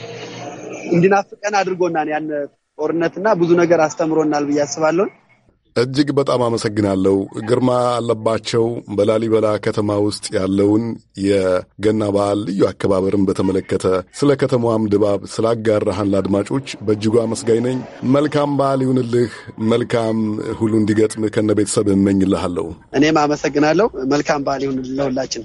B: እንድናፍቀን አድርጎናን ያን ጦርነትና ብዙ ነገር
A: አስተምሮናል ብዬ አስባለሁ። እጅግ በጣም አመሰግናለሁ። ግርማ አለባቸው በላሊበላ ከተማ ውስጥ ያለውን የገና በዓል ልዩ አከባበርን በተመለከተ ስለ ከተማዋም ድባብ ስላጋራህን ለአድማጮች በእጅጉ አመስጋኝ ነኝ። መልካም በዓል ይሁንልህ። መልካም ሁሉ እንዲገጥም ከነ ቤተሰብ እመኝልሃለሁ።
B: እኔም አመሰግናለሁ። መልካም በዓል ይሁንልህ ለሁላችን።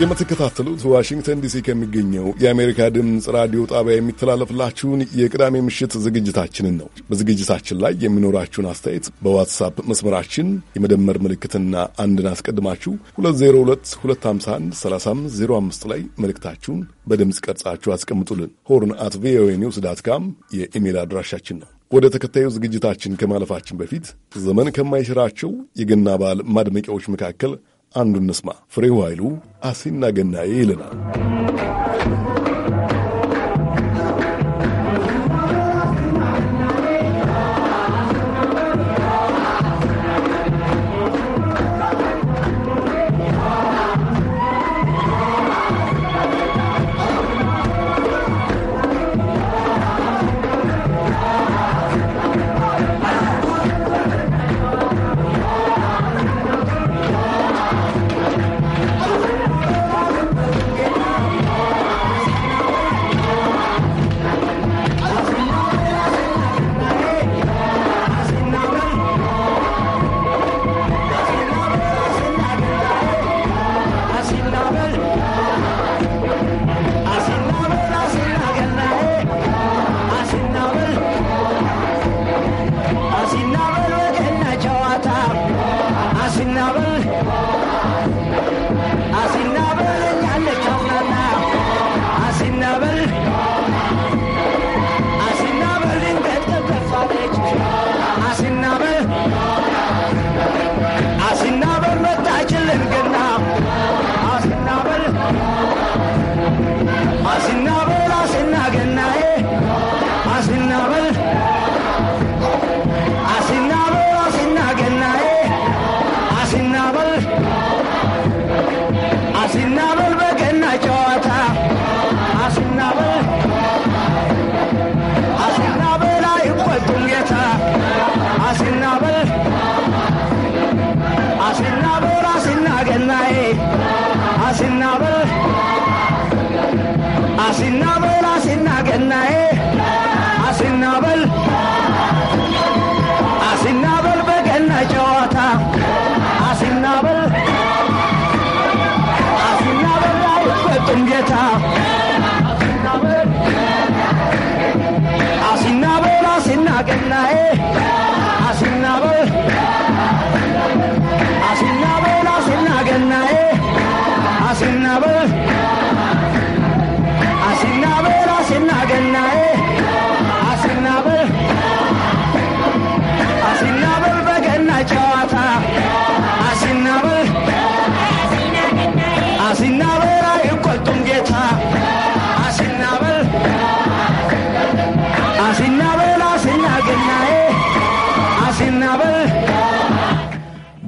A: የምትከታተሉት ዋሽንግተን ዲሲ ከሚገኘው የአሜሪካ ድምፅ ራዲዮ ጣቢያ የሚተላለፍላችሁን የቅዳሜ ምሽት ዝግጅታችንን ነው። በዝግጅታችን ላይ የሚኖራችሁን አስተያየት በዋትሳፕ መስመራችን የመደመር ምልክትና አንድን አስቀድማችሁ 2022513505 ላይ መልእክታችሁን በድምፅ ቀርጻችሁ አስቀምጡልን። ሆርን አት ቪኦኤ ኒውስ ዳት ካም የኢሜል አድራሻችን ነው። ወደ ተከታዩ ዝግጅታችን ከማለፋችን በፊት ዘመን ከማይሽራቸው የገና በዓል ማድመቂያዎች መካከል አንዱ እንስማ። ፍሬው ኃይሉ አሲና ገናዬ ይለናል።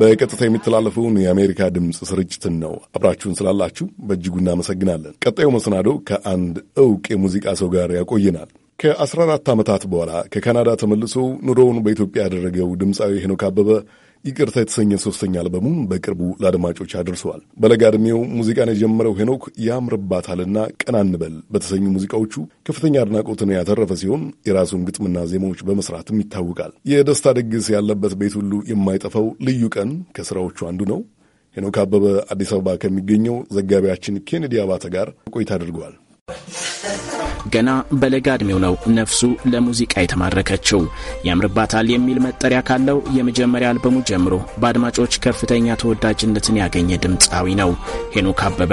A: በቀጥታ የሚተላለፈውን የአሜሪካ ድምፅ ስርጭትን ነው። አብራችሁን ስላላችሁ በእጅጉ እናመሰግናለን። ቀጣዩ መሰናዶ ከአንድ እውቅ የሙዚቃ ሰው ጋር ያቆየናል። ከ14 ዓመታት በኋላ ከካናዳ ተመልሶ ኑሮውን በኢትዮጵያ ያደረገው ድምፃዊ ሄኖክ አበበ ይቅርታ የተሰኘ ሶስተኛ አልበሙን በቅርቡ ለአድማጮች አድርሰዋል። በለጋ ዕድሜው ሙዚቃን የጀመረው ሄኖክ ያምርባታልና ቀና እንበል በተሰኙ ሙዚቃዎቹ ከፍተኛ አድናቆትን ያተረፈ ሲሆን የራሱን ግጥምና ዜማዎች በመስራትም ይታወቃል። የደስታ ድግስ ያለበት ቤት ሁሉ የማይጠፋው ልዩ ቀን ከስራዎቹ አንዱ ነው። ሄኖክ አበበ አዲስ አበባ ከሚገኘው ዘጋቢያችን ኬኔዲ አባተ ጋር ቆይታ አድርገዋል።
I: ገና በለጋ ዕድሜው ነው ነፍሱ ለሙዚቃ የተማረከችው። ያምርባታል የሚል መጠሪያ ካለው የመጀመሪያ አልበሙ ጀምሮ በአድማጮች ከፍተኛ ተወዳጅነትን ያገኘ ድምፃዊ ነው ሄኖክ አበበ።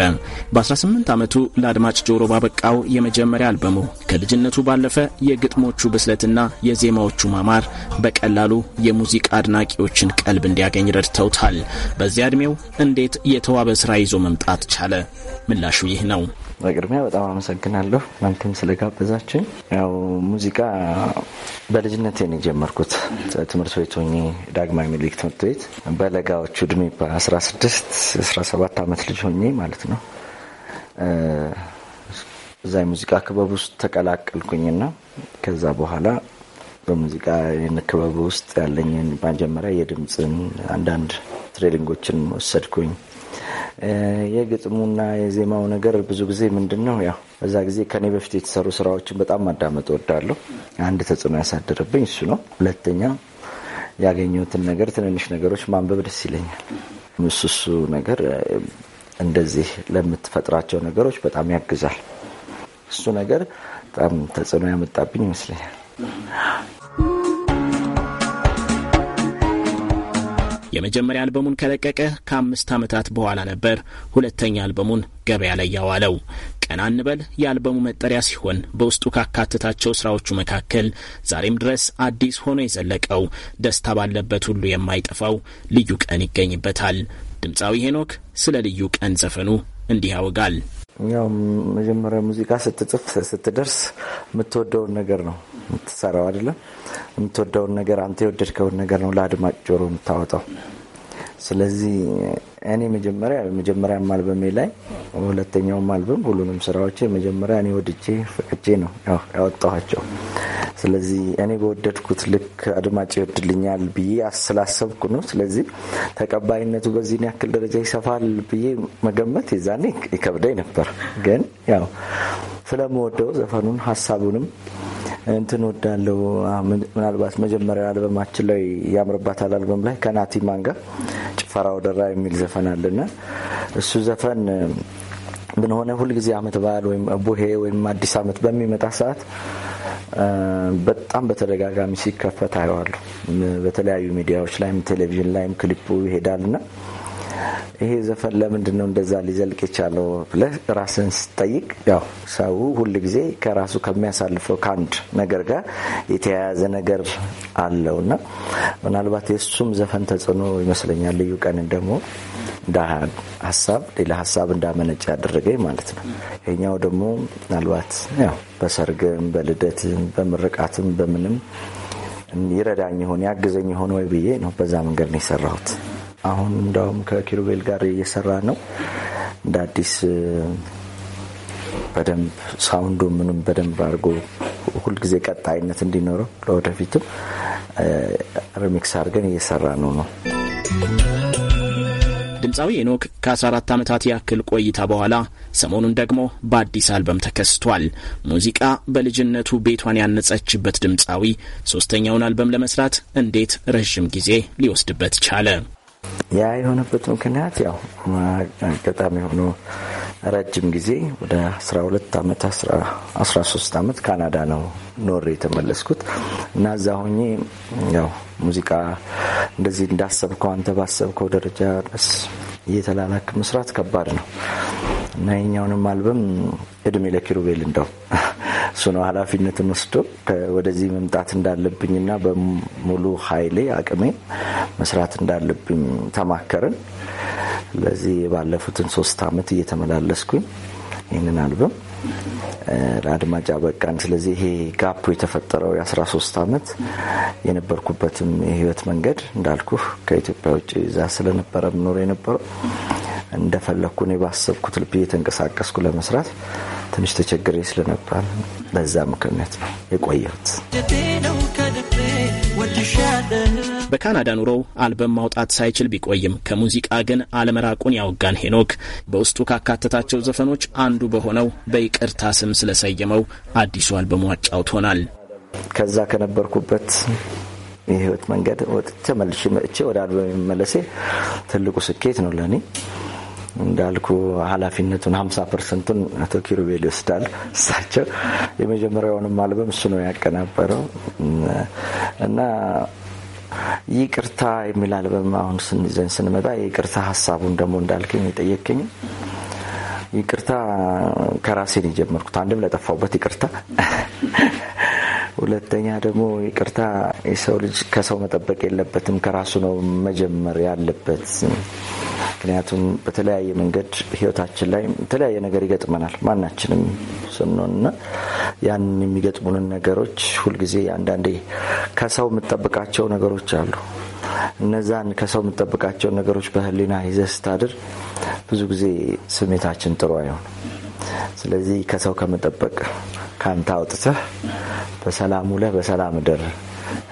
I: በ18 ዓመቱ ለአድማጭ ጆሮ ባበቃው የመጀመሪያ አልበሙ ከልጅነቱ ባለፈ የግጥሞቹ ብስለትና የዜማዎቹ ማማር በቀላሉ የሙዚቃ አድናቂዎችን ቀልብ እንዲያገኝ ረድተውታል። በዚያ ዕድሜው እንዴት የተዋበ ስራ ይዞ መምጣት ቻለ? ምላሹ ይህ ነው። በቅድሚያ በጣም አመሰግናለሁ
J: እናንተም ስለጋበዛችን። ያው ሙዚቃ በልጅነት ነው የጀመርኩት። ትምህርት ቤት ሆኜ ዳግማዊ ምኒልክ ትምህርት ቤት በለጋዎቹ እድሜ በ16 17 ዓመት ልጅ ሆኜ ማለት ነው እዛ የሙዚቃ ክበብ ውስጥ ተቀላቀልኩኝና ከዛ በኋላ በሙዚቃ ክበብ ውስጥ ያለኝን መጀመሪያ የድምፅን አንዳንድ ትሬሊንጎችን ወሰድኩኝ። የግጥሙና የዜማው ነገር ብዙ ጊዜ ምንድን ነው ያው በዛ ጊዜ ከኔ በፊት የተሰሩ ስራዎችን በጣም ማዳመጥ ወዳለሁ አንድ ተጽዕኖ ያሳደረብኝ እሱ ነው። ሁለተኛ ያገኘሁትን ነገር ትንንሽ ነገሮች ማንበብ ደስ ይለኛል። እሱ እሱ ነገር እንደዚህ ለምትፈጥራቸው ነገሮች በጣም ያግዛል። እሱ ነገር በጣም ተጽዕኖ ያመጣብኝ ይመስለኛል።
I: የመጀመሪያ አልበሙን ከለቀቀ ከአምስት ዓመታት በኋላ ነበር ሁለተኛ አልበሙን ገበያ ላይ ያዋለው። ቀና እንበል የአልበሙ መጠሪያ ሲሆን በውስጡ ካካተታቸው ስራዎቹ መካከል ዛሬም ድረስ አዲስ ሆኖ የዘለቀው ደስታ ባለበት ሁሉ የማይጠፋው ልዩ ቀን ይገኝበታል። ድምፃዊ ሄኖክ ስለ ልዩ ቀን ዘፈኑ እንዲህ ያወጋል።
J: ያው መጀመሪያ ሙዚቃ ስትጽፍ ስትደርስ የምትወደውን ነገር ነው የምትሰራው አይደለም። የምትወደውን ነገር አንተ የወደድከውን ነገር ነው ለአድማጭ ጆሮ የምታወጣው። ስለዚህ እኔ መጀመሪያ መጀመሪያ አልበሜ ላይ ሁለተኛውም አልበም ሁሉንም ስራዎች መጀመሪያ እኔ ወድጄ ፈቅጄ ነው ያወጣኋቸው። ስለዚህ እኔ በወደድኩት ልክ አድማጭ ይወድልኛል ብዬ ስላሰብኩ ነው። ስለዚህ ተቀባይነቱ በዚህን ያክል ደረጃ ይሰፋል ብዬ መገመት የዛኔ ይከብደኝ ነበር። ግን ያው ስለምወደው ዘፈኑን ሀሳቡንም እንትን ወዳለው ምናልባት መጀመሪያ አልበማችን ላይ ያምርባታል አልበም ላይ ከናቲ ማንጋ ጭፈራ ወደራ የሚል ዘፈን አለና እሱ ዘፈን ብንሆነ ሁልጊዜ አመት በዓል ወይም ቡሄ ወይም አዲስ አመት በሚመጣ ሰዓት በጣም በተደጋጋሚ ሲከፈት አየዋለሁ። በተለያዩ ሚዲያዎች ላይም ቴሌቪዥን ላይም ክሊፑ ይሄዳልና ይሄ ዘፈን ለምንድን ነው እንደዛ ሊዘልቅ የቻለው ብለህ ራስን ስትጠይቅ፣ ያው ሰው ሁል ጊዜ ከራሱ ከሚያሳልፈው ከአንድ ነገር ጋር የተያያዘ ነገር አለው እና ምናልባት የእሱም ዘፈን ተጽዕኖ ይመስለኛል። ልዩ ቀንን ደግሞ እንደ ሀሳብ ሌላ ሀሳብ እንዳመነጭ ያደረገኝ ማለት ነው። ይሄኛው ደግሞ ምናልባት ያው በሰርግም በልደትም በምርቃትም በምንም ይረዳኝ ይሆን ያግዘኝ ይሆን ወይ ብዬ ነው በዛ መንገድ ነው የሰራሁት። አሁን እንዳውም ከኪሩቤል ጋር እየሰራ ነው እንደ አዲስ በደንብ ሳውንዱ ምንም በደንብ አድርጎ ሁልጊዜ ቀጣይነት እንዲኖረው ለወደፊትም ሪሚክስ አድርገን እየሰራ ነው ነው
I: ድምፃዊ ሄኖክ ከ14 ዓመታት ያክል ቆይታ በኋላ ሰሞኑን ደግሞ በአዲስ አልበም ተከስቷል። ሙዚቃ በልጅነቱ ቤቷን ያነጸችበት ድምፃዊ ሶስተኛውን አልበም ለመስራት እንዴት ረዥም ጊዜ ሊወስድበት ቻለ?
J: ያ የሆነበት ምክንያት ያው አጋጣሚ ሆኖ ረጅም ጊዜ ወደ 12 ዓመት 13 ዓመት ካናዳ ነው ኖሬ የተመለስኩት እና እዛ ሆኜ ያው ሙዚቃ እንደዚህ እንዳሰብከው አንተ ባሰብከው ደረጃ እየተላላክ መስራት ከባድ ነው እና የኛውንም አልበም እድሜ ለኪሩቤል እንደው እሱ ነው ኃላፊነትን ወስዶ ወደዚህ መምጣት እንዳለብኝና በሙሉ ኃይሌ አቅሜ መስራት እንዳለብኝ ተማከርን። ለዚህ የባለፉትን ሶስት አመት እየተመላለስኩኝ ይህንን አልበም ለአድማጭ አበቃን። ስለዚህ ይሄ ጋፕ የተፈጠረው የ13 ዓመት የነበርኩበትም የህይወት መንገድ እንዳልኩ ከኢትዮጵያ ውጭ እዛ ስለነበረ ምኖር የነበረው እንደፈለግኩ እኔ ባሰብኩት ልብ እየተንቀሳቀስኩ ለመስራት ትንሽ ተቸግሬ ስለነበር
I: በዛ ምክንያት ነው የቆየሁት። በካናዳ ኑሮው አልበም ማውጣት ሳይችል ቢቆይም ከሙዚቃ ግን አለመራቁን ያወጋን ሄኖክ በውስጡ ካካተታቸው ዘፈኖች አንዱ በሆነው በይቅርታ ስም ስለሰየመው አዲሱ አልበሙ አጫውቶናል።
J: ከዛ ከነበርኩበት የህይወት መንገድ ወጥቼ መልሼ መጥቼ ወደ አልበም የመለሴ ትልቁ ስኬት ነው ለእኔ። እንዳልኩ ኃላፊነቱን ሀምሳ ፐርሰንቱን አቶ ኪሩቤል ይወስዳል። እሳቸው የመጀመሪያውንም አልበም እሱ ነው ያቀናበረው እና ይቅርታ የሚል አልበም ስንዘን ስንመጣ የቅርታ ሀሳቡን ደግሞ እንዳልክኝ የጠየቅኝ ይቅርታ ከራሴን የጀመርኩት። አንድም ለጠፋውበት ይቅርታ ሁለተኛ ደግሞ ይቅርታ የሰው ልጅ ከሰው መጠበቅ የለበትም ከራሱ ነው መጀመር ያለበት። ምክንያቱም በተለያየ መንገድ ህይወታችን ላይ የተለያየ ነገር ይገጥመናል ማናችንም ስንሆንና ያን የሚገጥሙንን ነገሮች ሁልጊዜ አንዳንዴ ከሰው የምጠብቃቸው ነገሮች አሉ። እነዛን ከሰው የምጠብቃቸው ነገሮች በህሊና ይዘህ ስታድር ብዙ ጊዜ ስሜታችን ጥሩ አይሆን ስለዚህ ከሰው ከመጠበቅ ከአንተ አውጥተህ በሰላም ውለህ በሰላም እደር፣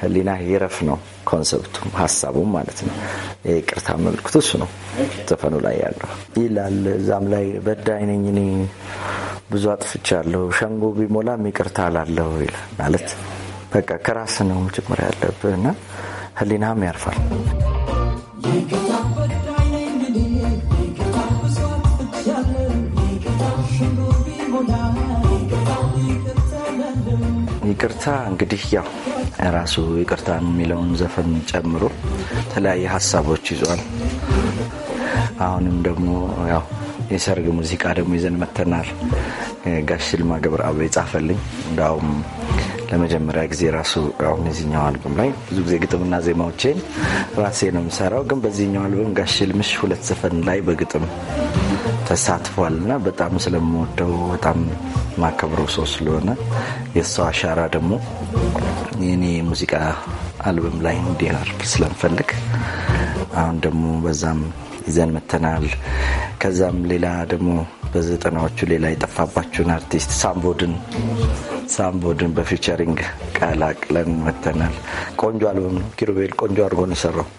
J: ህሊና ይረፍ ነው ኮንሰብቱ ሀሳቡም ማለት ነው። ይቅርታ መልክቱ እሱ ነው ዘፈኑ ላይ ያለው ይላል። እዛም ላይ በዳይ ነኝ እኔ ብዙ አጥፍቻለሁ፣ ሸንጎ ቢሞላም ይቅርታ አላለሁ ይላል። ማለት በቃ ከራስ ነው ጭምር ያለብህ እና ህሊናም ያርፋል። ይቅርታ እንግዲህ ያው ራሱ ይቅርታ የሚለውን ዘፈን ጨምሮ የተለያየ ሀሳቦች ይዟል። አሁንም ደግሞ ያው የሰርግ ሙዚቃ ደግሞ ይዘን መተናል። ጋሽ ልማ ገብረአብ የጻፈልኝ እንዳውም ለመጀመሪያ ጊዜ ራሱ አሁን የዚኛው አልበም ላይ ብዙ ጊዜ ግጥምና ዜማዎቼን ራሴ ነው የምሰራው፣ ግን በዚህኛው አልበም ጋሽ ልምሽ ሁለት ዘፈን ላይ በግጥም ተሳትፏል እና በጣም ስለምወደው በጣም ማከብረው ሰው ስለሆነ የእሷ አሻራ ደግሞ የኔ ሙዚቃ አልበም ላይ እንዲያርፍ ስለምፈልግ አሁን ደግሞ በዛም ይዘን መተናል። ከዛም ሌላ ደግሞ በዘጠናዎቹ ሌላ የጠፋባችሁን አርቲስት ሳምቦድን ሳምቦድን በፊቸሪንግ ቀላቅለን መተናል። ቆንጆ አልበም ነው። ኪሩቤል ቆንጆ አድርጎ ነው የሰራው።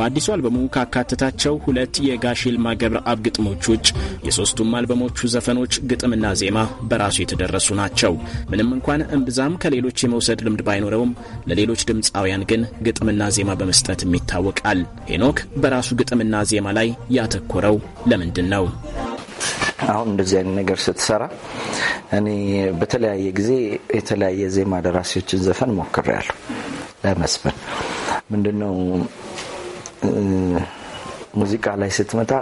I: በአዲሱ አልበሙ ካካተታቸው ሁለት የጋሽ ይልማ ገብረአብ ግጥሞች ውጭ የሶስቱም አልበሞቹ ዘፈኖች ግጥምና ዜማ በራሱ የተደረሱ ናቸው። ምንም እንኳን እምብዛም ከሌሎች የመውሰድ ልምድ ባይኖረውም ለሌሎች ድምፃውያን ግን ግጥምና ዜማ በመስጠትም ይታወቃል። ሄኖክ በራሱ ግጥምና ዜማ ላይ ያተኮረው ለምንድን ነው?
J: አሁን እንደዚህ አይነት ነገር ስትሰራ እኔ በተለያየ ጊዜ የተለያየ ዜማ ደራሲዎችን ዘፈን ሞክሬያለሁ ለመስፈን ምንድነው ሙዚቃ ላይ ስትመጣ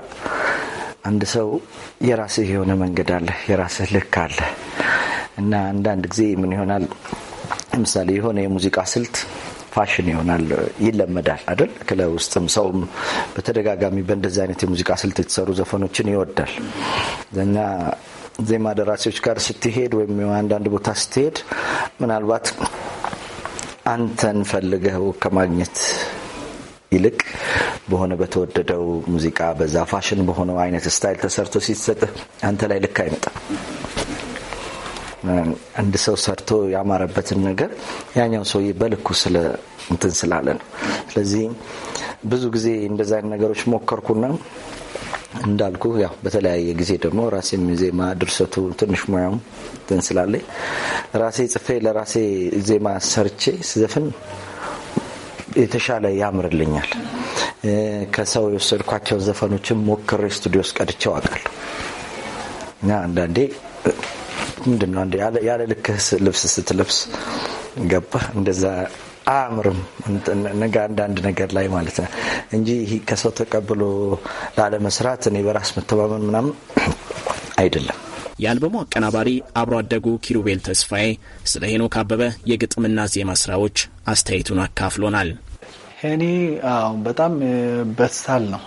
J: አንድ ሰው የራስህ የሆነ መንገድ አለ፣ የራስህ ልክ አለ እና አንዳንድ ጊዜ ምን ይሆናል፣ ለምሳሌ የሆነ የሙዚቃ ስልት ፋሽን ይሆናል፣ ይለመዳል አይደል? ክለብ ውስጥም ሰውም በተደጋጋሚ በእንደዚህ አይነት የሙዚቃ ስልት የተሰሩ ዘፈኖችን ይወዳል። እኛ ዜማ ደራሲዎች ጋር ስትሄድ ወይም አንዳንድ ቦታ ስትሄድ ምናልባት አንተን ፈልገው ከማግኘት ይልቅ በሆነ በተወደደው ሙዚቃ በዛ ፋሽን በሆነው አይነት ስታይል ተሰርቶ ሲሰጥ አንተ ላይ ልክ አይመጣም። አንድ ሰው ሰርቶ ያማረበትን ነገር ያኛው ሰውዬ በልኩ ስለ እንትን ስላለ ነው። ስለዚህ ብዙ ጊዜ እንደዚ አይነት ነገሮች ሞከርኩና እንዳልኩ ያው በተለያየ ጊዜ ደግሞ ራሴም ዜማ ድርሰቱ ትንሽ ሙያም እንትን ስላለኝ ራሴ ጽፌ ለራሴ ዜማ ሰርቼ ስዘፍን የተሻለ ያምርልኛል። ከሰው የወሰድኳቸው ዘፈኖችን ሞክሬ ስቱዲዮ ውስጥ ቀድቼው አውቃለሁ እና አንዳንዴ ምንድነው ያለ ልክህ ልብስ ስትለብስ ገባ እንደዛ አያምርም አንዳንድ ነገር ላይ ማለት ነው እንጂ ከሰው ተቀብሎ ላለመስራት እኔ በራስ መተማመን ምናምን አይደለም።
I: የአልበሙ አቀናባሪ አብሮ አደጉ ኪሩቤል ተስፋዬ ስለ ሄኖክ አበበ የግጥምና ዜማ ስራዎች አስተያየቱን አካፍሎናል። ሄኒ
H: አሁን በጣም በሳል ነው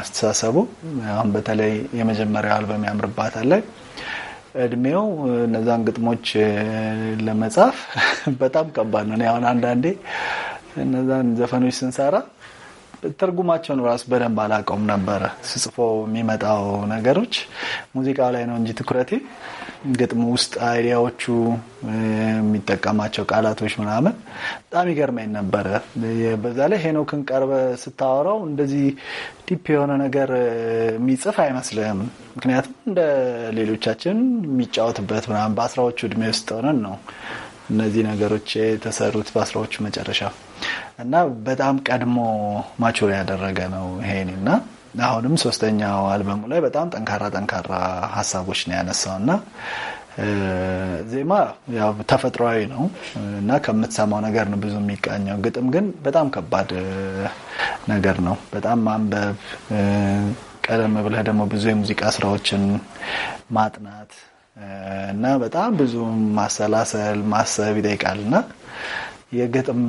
H: አስተሳሰቡ። አሁን በተለይ የመጀመሪያው አልበም ያምርባታል ላይ እድሜው እነዛን ግጥሞች ለመጻፍ በጣም ከባድ ነው። አሁን አንዳንዴ እነዛን ዘፈኖች ስንሰራ ትርጉማቸውን ራሱ በደንብ አላውቀውም ነበረ። ስጽፎ የሚመጣው ነገሮች ሙዚቃው ላይ ነው እንጂ ትኩረቴ ግጥሙ ውስጥ አይዲያዎቹ፣ የሚጠቀማቸው ቃላቶች ምናምን በጣም ይገርመኝ ነበረ። በዛ ላይ ሄኖክን ቀርበ ስታወራው እንደዚህ ዲፕ የሆነ ነገር የሚጽፍ አይመስልም። ምክንያቱም እንደ ሌሎቻችን የሚጫወትበት ምናምን በአስራዎቹ እድሜ ውስጥ ሆነን ነው እነዚህ ነገሮች የተሰሩት በአስራዎቹ መጨረሻ እና በጣም ቀድሞ ማቹር ያደረገ ነው ይሄን እና አሁንም ሶስተኛው አልበሙ ላይ በጣም ጠንካራ ጠንካራ ሀሳቦች ነው ያነሳው እና ዜማ ያው ተፈጥሯዊ ነው እና ከምትሰማው ነገር ነው ብዙ የሚቃኘው። ግጥም ግን በጣም ከባድ ነገር ነው። በጣም ማንበብ፣ ቀደም ብለህ ደግሞ ብዙ የሙዚቃ ስራዎችን ማጥናት እና በጣም ብዙ ማሰላሰል
I: ማሰብ ይጠይቃል እና የግጥም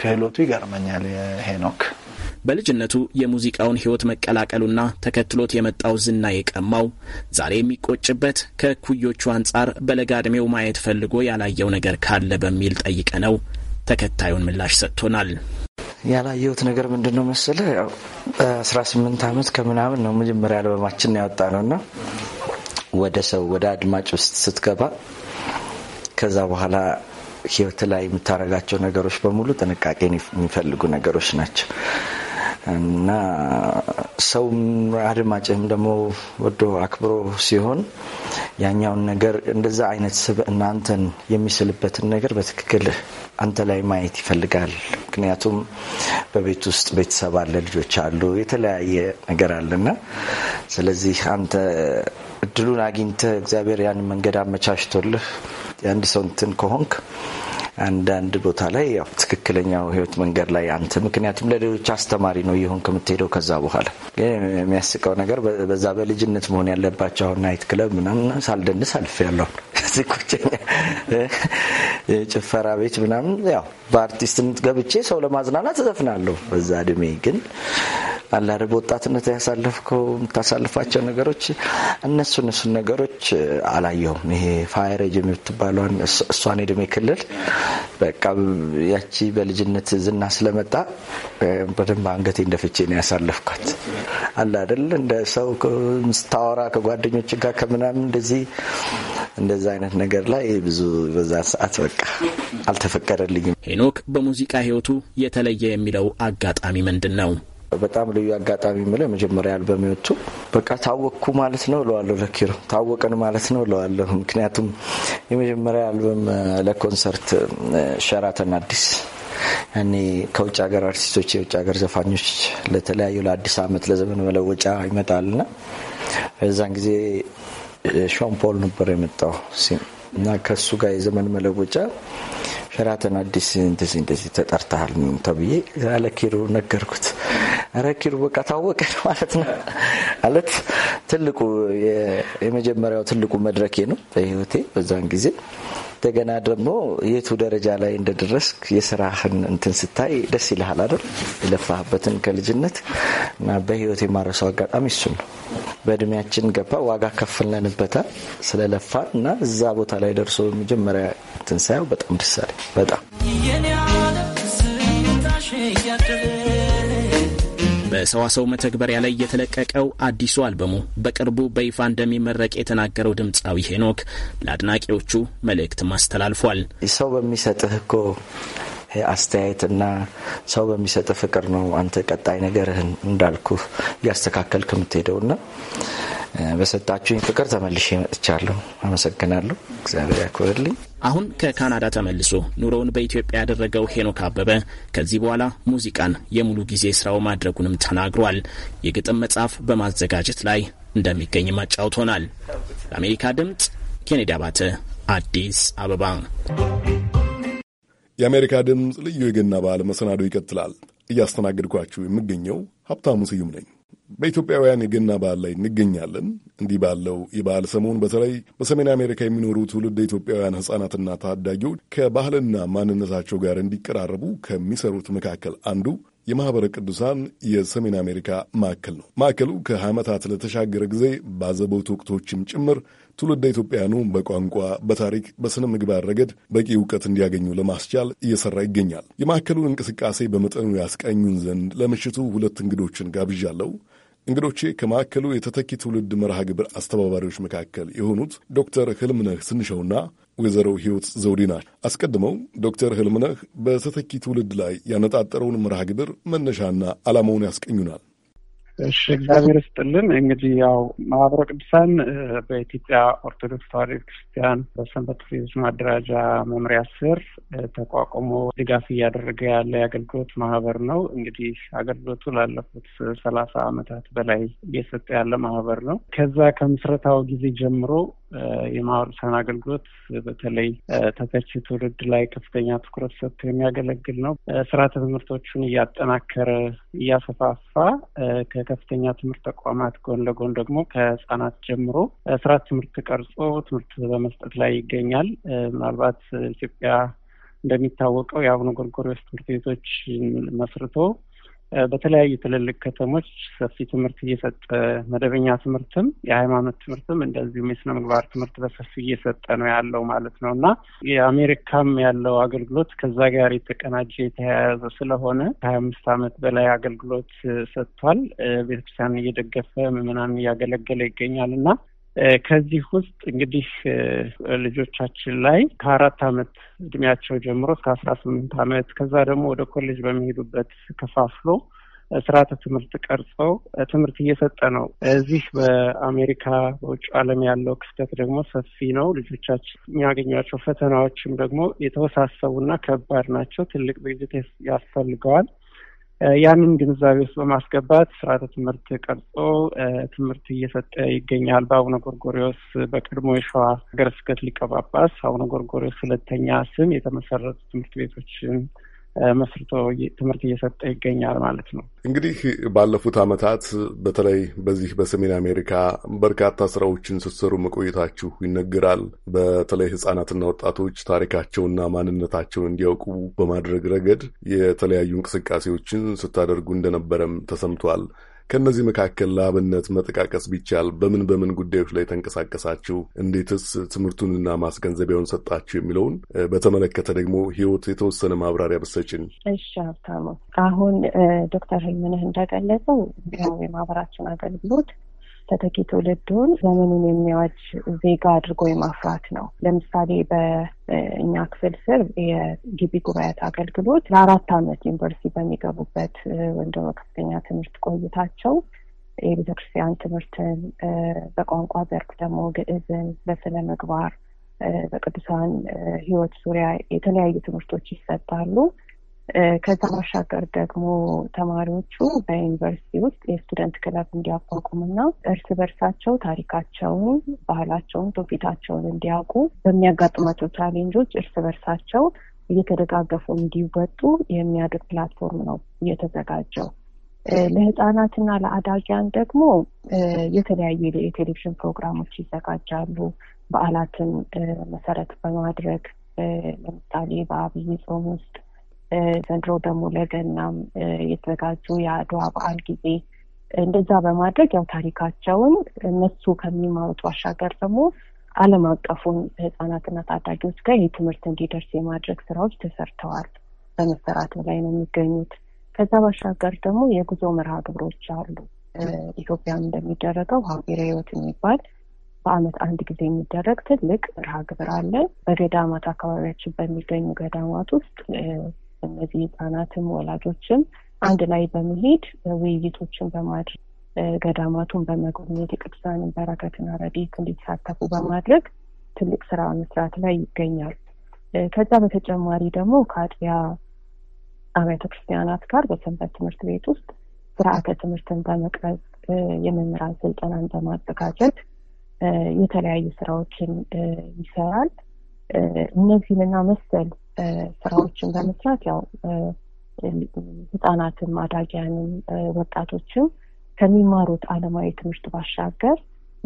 I: ክህሎቱ ይገርመኛል ሄኖክ። በልጅነቱ የሙዚቃውን ህይወት መቀላቀሉና ተከትሎት የመጣው ዝና የቀማው ዛሬ የሚቆጭበት ከእኩዮቹ አንጻር በለጋ ዕድሜው ማየት ፈልጎ ያላየው ነገር ካለ በሚል ጠይቀ ነው ተከታዩን ምላሽ ሰጥቶናል።
J: ያላየሁት ነገር ምንድን ነው መሰለህ? ያው ስምንት አመት ከምናምን ነው መጀመሪያ አልበማችን ያወጣ እና ወደ ሰው ወደ አድማጭ ውስጥ ስትገባ ከዛ በኋላ ህይወት ላይ የምታደርጋቸው ነገሮች በሙሉ ጥንቃቄ የሚፈልጉ ነገሮች ናቸው እና ሰው አድማጭህም ደግሞ ወዶ አክብሮ ሲሆን ያኛውን ነገር እንደዛ አይነት ስብ እናንተን የሚስልበትን ነገር በትክክል አንተ ላይ ማየት ይፈልጋል። ምክንያቱም በቤት ውስጥ ቤተሰብ አለ፣ ልጆች አሉ፣ የተለያየ ነገር አለና ስለዚህ አንተ እድሉን አግኝተህ እግዚአብሔር ያንን መንገድ አመቻችቶልህ የአንድ ሰው እንትን ከሆንክ አንዳንድ ቦታ ላይ ያው ትክክለኛው ህይወት መንገድ ላይ አንተ ምክንያቱም ለሌሎች አስተማሪ ነው የሆን ከምትሄደው ከዛ በኋላ ግን የሚያስቀው ነገር በዛ በልጅነት መሆን ያለባቸው አሁን ናይት ክለብ ምናምን ሳልደንስ አልፍ ያለው <laughs> ጭፈራ ቤት ምናምን ያው በአርቲስትነት ገብቼ ሰው ለማዝናናት እዘፍናለሁ። በዛ እድሜ ግን አላደ በወጣትነት ያሳለፍከው የምታሳልፋቸው ነገሮች እነሱ እነሱን ነገሮች አላየሁም። ይሄ ፋየር የምትባለን እሷን እድሜ ክልል በቃ ያቺ በልጅነት ዝና ስለመጣ በደንብ አንገቴ እንደፍቼ ነው ያሳለፍኳት። አለ አደል እንደ ሰው
I: ስታወራ ከጓደኞች ጋር ከምናምን እንደዚህ
J: እንደዛ አይነት ነገር ላይ ብዙ
I: በዛ ሰዓት በቃ አልተፈቀደልኝም። ሄኖክ በሙዚቃ ህይወቱ የተለየ የሚለው አጋጣሚ ምንድን ነው? በጣም ልዩ አጋጣሚ የምለው የመጀመሪያ አልበም የወጡ በቃ ታወቅኩ
J: ማለት ነው እለዋለሁ። ለኪሮ ታወቀን ማለት ነው እለዋለሁ። ምክንያቱም የመጀመሪያ አልበም ለኮንሰርት ሸራተን አዲስ እኔ ከውጭ ሀገር አርቲስቶች የውጭ ሀገር ዘፋኞች ለተለያዩ ለአዲስ አመት ለዘመን መለወጫ ና በዛን ጊዜ ሾን ፖል ነበር የመጣው እና ከሱ ጋር የዘመን መለወጫ ሸራተን አዲስ እንደዚህ እንደዚህ ተጠርተሃል ተብዬ አለ ኪሩ ነገርኩት። ኧረ ኪሩ በቃ ታወቀ ማለት ነው አለት ትልቁ የመጀመሪያው ትልቁ መድረኬ ነው በህይወቴ በዛን ጊዜ እንደገና ደግሞ የቱ ደረጃ ላይ እንደደረስክ የስራህን እንትን ስታይ ደስ ይልሃል አይደል? የለፋህበትን ከልጅነት እና በህይወት የማረሰው አጋጣሚ እሱ ነው። በእድሜያችን ገባ ዋጋ ከፍለንበታል ስለለፋ እና እዛ ቦታ ላይ ደርሶ መጀመሪያ እንትን ሳየው በጣም ደስ አለኝ በጣም
I: በሰዋሰው መተግበሪያ ላይ የተለቀቀው አዲሱ አልበሙ በቅርቡ በይፋ እንደሚመረቅ የተናገረው ድምፃዊ ሄኖክ ለአድናቂዎቹ መልእክት አስተላልፏል። ሰው በሚሰጥህ እኮ
J: አስተያየትና ሰው በሚሰጥህ ፍቅር ነው አንተ ቀጣይ ነገርህን እንዳልኩ እያስተካከልክ የምትሄደውና በሰጣችሁኝ ፍቅር ተመልሼ መጥቻለሁ። አመሰግናለሁ። እግዚአብሔር ያክብርልኝ።
I: አሁን ከካናዳ ተመልሶ ኑሮውን በኢትዮጵያ ያደረገው ሄኖክ አበበ ከዚህ በኋላ ሙዚቃን የሙሉ ጊዜ ስራው ማድረጉንም ተናግሯል። የግጥም መጽሐፍ በማዘጋጀት ላይ እንደሚገኝም አጫውቶናል። ለአሜሪካ ድምፅ ኬኔዲ አባተ አዲስ አበባ።
A: የአሜሪካ ድምፅ ልዩ የገና በዓል መሰናዶ ይቀጥላል። እያስተናገድኳችሁ የምገኘው ሀብታሙ ስዩም ነኝ። በኢትዮጵያውያን የገና በዓል ላይ እንገኛለን። እንዲህ ባለው የበዓል ሰሞን በተለይ በሰሜን አሜሪካ የሚኖሩ ትውልድ ኢትዮጵያውያን ሕጻናትና ታዳጊዎች ከባህልና ማንነታቸው ጋር እንዲቀራረቡ ከሚሰሩት መካከል አንዱ የማኅበረ ቅዱሳን የሰሜን አሜሪካ ማዕከል ነው። ማዕከሉ ከአመታት ለተሻገረ ጊዜ ባዘቦት ወቅቶችም ጭምር ትውልደ ኢትዮጵያኑ በቋንቋ፣ በታሪክ፣ በሥነ ምግባር ረገድ በቂ እውቀት እንዲያገኙ ለማስቻል እየሠራ ይገኛል። የማዕከሉን እንቅስቃሴ በመጠኑ ያስቃኙን ዘንድ ለምሽቱ ሁለት እንግዶችን ጋብዣለሁ። እንግዶቼ ከማዕከሉ የተተኪ ትውልድ መርሃ ግብር አስተባባሪዎች መካከል የሆኑት ዶክተር ህልምነህ ስንሸውና ወይዘሮ ህይወት ዘውዴ ናቸው። አስቀድመው ዶክተር ህልምነህ በተተኪ ትውልድ ላይ ያነጣጠረውን መርሃ ግብር መነሻና ዓላማውን ያስቀኙናል።
K: እሺ እግዚአብሔር
A: ይስጥልን። እንግዲህ ያው
K: ማህበረ ቅዱሳን በኢትዮጵያ ኦርቶዶክስ ተዋሕዶ ክርስቲያን በሰንበት ፍሬዝ ማደራጃ መምሪያ ስር ተቋቁሞ ድጋፍ እያደረገ ያለ የአገልግሎት ማህበር ነው። እንግዲህ አገልግሎቱ ላለፉት ሰላሳ ዓመታት በላይ እየሰጠ ያለ ማህበር ነው። ከዛ ከምስረታው ጊዜ ጀምሮ የማህበረሰብን አገልግሎት በተለይ ተተች ትውልድ ላይ ከፍተኛ ትኩረት ሰጥቶ የሚያገለግል ነው። ስርዓተ ትምህርቶቹን እያጠናከረ እያሰፋፋ ከከፍተኛ ትምህርት ተቋማት ጎን ለጎን ደግሞ ከህጻናት ጀምሮ ስርዓተ ትምህርት ቀርጾ ትምህርት በመስጠት ላይ ይገኛል። ምናልባት ኢትዮጵያ እንደሚታወቀው የአቡነ ጎርጎሪዎስ ትምህርት ቤቶች መስርቶ በተለያዩ ትልልቅ ከተሞች ሰፊ ትምህርት እየሰጠ መደበኛ ትምህርትም የሃይማኖት ትምህርትም እንደዚሁም የስነ ምግባር ትምህርት በሰፊ እየሰጠ ነው ያለው ማለት ነው እና የአሜሪካም ያለው አገልግሎት ከዛ ጋር የተቀናጀ የተያያዘ ስለሆነ ከሀያ አምስት ዓመት በላይ አገልግሎት ሰጥቷል። ቤተክርስቲያን እየደገፈ ምዕመናን እያገለገለ ይገኛል እና ከዚህ ውስጥ እንግዲህ ልጆቻችን ላይ ከአራት አመት እድሜያቸው ጀምሮ እስከ አስራ ስምንት አመት ከዛ ደግሞ ወደ ኮሌጅ በሚሄዱበት ከፋፍሎ ስርዓተ ትምህርት ቀርጸው ትምህርት እየሰጠ ነው። እዚህ በአሜሪካ በውጭ ዓለም ያለው ክፍተት ደግሞ ሰፊ ነው። ልጆቻችን የሚያገኟቸው ፈተናዎችም ደግሞ የተወሳሰቡና ከባድ ናቸው። ትልቅ ዝግጅት ያስፈልገዋል። ያንን ግንዛቤ ውስጥ በማስገባት ስርዓተ ትምህርት ቀርጾ ትምህርት እየሰጠ ይገኛል። በአቡነ ጎርጎሪዎስ በቀድሞ የሸዋ ሀገረ ስብከት ሊቀ ጳጳስ አቡነ ጎርጎሪዎስ ሁለተኛ ስም የተመሰረቱ ትምህርት ቤቶችን መስርቶ ትምህርት እየሰጠ ይገኛል
A: ማለት ነው። እንግዲህ ባለፉት ዓመታት በተለይ በዚህ በሰሜን አሜሪካ በርካታ ስራዎችን ስትሰሩ መቆየታችሁ ይነገራል። በተለይ ህጻናትና ወጣቶች ታሪካቸውና ማንነታቸውን እንዲያውቁ በማድረግ ረገድ የተለያዩ እንቅስቃሴዎችን ስታደርጉ እንደነበረም ተሰምቷል። ከእነዚህ መካከል ለአብነት መጠቃቀስ ቢቻል በምን በምን ጉዳዮች ላይ ተንቀሳቀሳችሁ፣ እንዴትስ ትምህርቱንና ማስገንዘቢያውን ሰጣችሁ የሚለውን በተመለከተ ደግሞ ህይወት የተወሰነ ማብራሪያ ብትሰጪን።
L: እሺ ሀብታሙ፣ አሁን ዶክተር ህልምነህ እንደገለጸው የማህበራችን አገልግሎት ተተኪ ትውልዱን ዘመኑን የሚያዋጅ ዜጋ አድርጎ የማፍራት ነው። ለምሳሌ በእኛ ክፍል ስር የግቢ ጉባኤያት አገልግሎት ለአራት አመት ዩኒቨርሲቲ በሚገቡበት ወይም ደግሞ ከፍተኛ ትምህርት ቆይታቸው የቤተክርስቲያን ትምህርትን በቋንቋ ዘርፍ ደግሞ ግዕዝን፣ በስነ ምግባር፣ በቅዱሳን ህይወት ዙሪያ የተለያዩ ትምህርቶች ይሰጣሉ። ከዛ ባሻገር ደግሞ ተማሪዎቹ በዩኒቨርሲቲ ውስጥ የስቱደንት ክለብ እንዲያቋቁሙና እርስ በርሳቸው ታሪካቸውን፣ ባህላቸውን፣ ትውፊታቸውን እንዲያውቁ በሚያጋጥማቸው ቻሌንጆች እርስ በርሳቸው እየተደጋገፉ እንዲወጡ የሚያደርግ ፕላትፎርም ነው እየተዘጋጀው። ለህፃናትና ለአዳጊያን ደግሞ የተለያዩ የቴሌቪዥን ፕሮግራሞች ይዘጋጃሉ። በዓላትን መሰረት በማድረግ ለምሳሌ በአብይ ጾም ውስጥ ዘንድሮ ደግሞ ለገናም የተዘጋጁ የአድዋ በዓል ጊዜ እንደዛ በማድረግ ያው ታሪካቸውን እነሱ ከሚማሩት ባሻገር ደግሞ ዓለም አቀፉን ህጻናትና ታዳጊዎች ጋር የትምህርት እንዲደርስ የማድረግ ስራዎች ተሰርተዋል፣ በመሰራት ላይ ነው የሚገኙት። ከዛ ባሻገር ደግሞ የጉዞ መርሃ ግብሮች አሉ። ኢትዮጵያም እንደሚደረገው ሀቢረ ህይወት የሚባል በአመት አንድ ጊዜ የሚደረግ ትልቅ መርሃ ግብር አለ። በገዳማት አካባቢያችን በሚገኙ ገዳማት ውስጥ እነዚህ ህጻናትም ወላጆችም አንድ ላይ በመሄድ ውይይቶችን በማድረግ ገዳማቱን በመጎብኘት የቅዱሳንን በረከትና ረድኤት እንዲሳተፉ በማድረግ ትልቅ ስራ መስራት ላይ ይገኛል። ከዛ በተጨማሪ ደግሞ ከአጥቢያ አብያተ ክርስቲያናት ጋር በሰንበት ትምህርት ቤት ውስጥ ስርዓተ ትምህርትን በመቅረጽ የመምህራን ስልጠናን በማዘጋጀት የተለያዩ ስራዎችን ይሰራል። እነዚህንና መሰል ስራዎችን በመስራት ያው ህጻናትም አዳጊያንም ወጣቶችም ከሚማሩት አለማዊ ትምህርት ባሻገር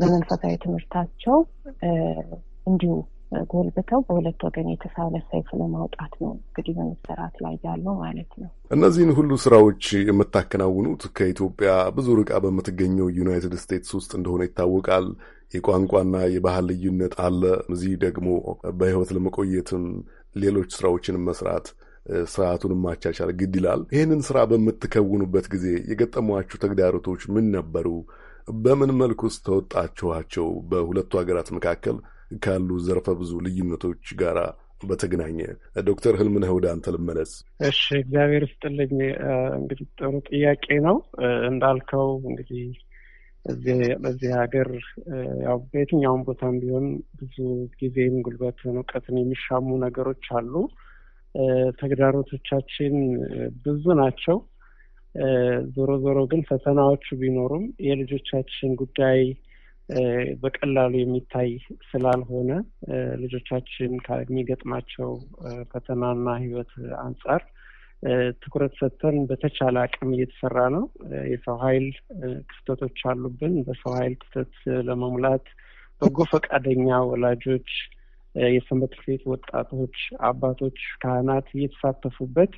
L: በመንፈሳዊ ትምህርታቸው እንዲሁ ጎልብተው በሁለት ወገን የተሳለ ሰይፍ ለማውጣት ነው እንግዲህ በመሰራት ላይ ያለው ማለት ነው።
A: እነዚህን ሁሉ ስራዎች የምታከናውኑት ከኢትዮጵያ ብዙ ርቃ በምትገኘው ዩናይትድ ስቴትስ ውስጥ እንደሆነ ይታወቃል። የቋንቋና የባህል ልዩነት አለ። እዚህ ደግሞ በህይወት ለመቆየትም ሌሎች ስራዎችን መስራት ስርዓቱን ማቻቻል ግድ ይላል። ይህንን ስራ በምትከውኑበት ጊዜ የገጠሟችሁ ተግዳሮቶች ምን ነበሩ? በምን መልኩ ውስጥ ተወጣችኋቸው? በሁለቱ ሀገራት መካከል ካሉ ዘርፈ ብዙ ልዩነቶች ጋር በተገናኘ ዶክተር ህልምነህ ወደ አንተ ልመለስ።
K: እሺ፣ እግዚአብሔር ይስጥልኝ። እንግዲህ ጥሩ ጥያቄ ነው እንዳልከው እንግዲህ በዚህ ሀገር ያው በየትኛውም ቦታም ቢሆን ብዙ ጊዜን፣ ጉልበትን፣ እውቀትን የሚሻሙ ነገሮች አሉ። ተግዳሮቶቻችን ብዙ ናቸው። ዞሮ ዞሮ ግን ፈተናዎቹ ቢኖሩም የልጆቻችን ጉዳይ በቀላሉ የሚታይ ስላልሆነ ልጆቻችን ከሚገጥማቸው ፈተናና ሕይወት አንጻር ትኩረት ሰጥተን በተቻለ አቅም እየተሰራ ነው። የሰው ኃይል ክፍተቶች አሉብን። በሰው ኃይል ክፍተት ለመሙላት በጎ ፈቃደኛ ወላጆች፣ የሰንበት ትምህርት ቤት ወጣቶች፣ አባቶች፣ ካህናት እየተሳተፉበት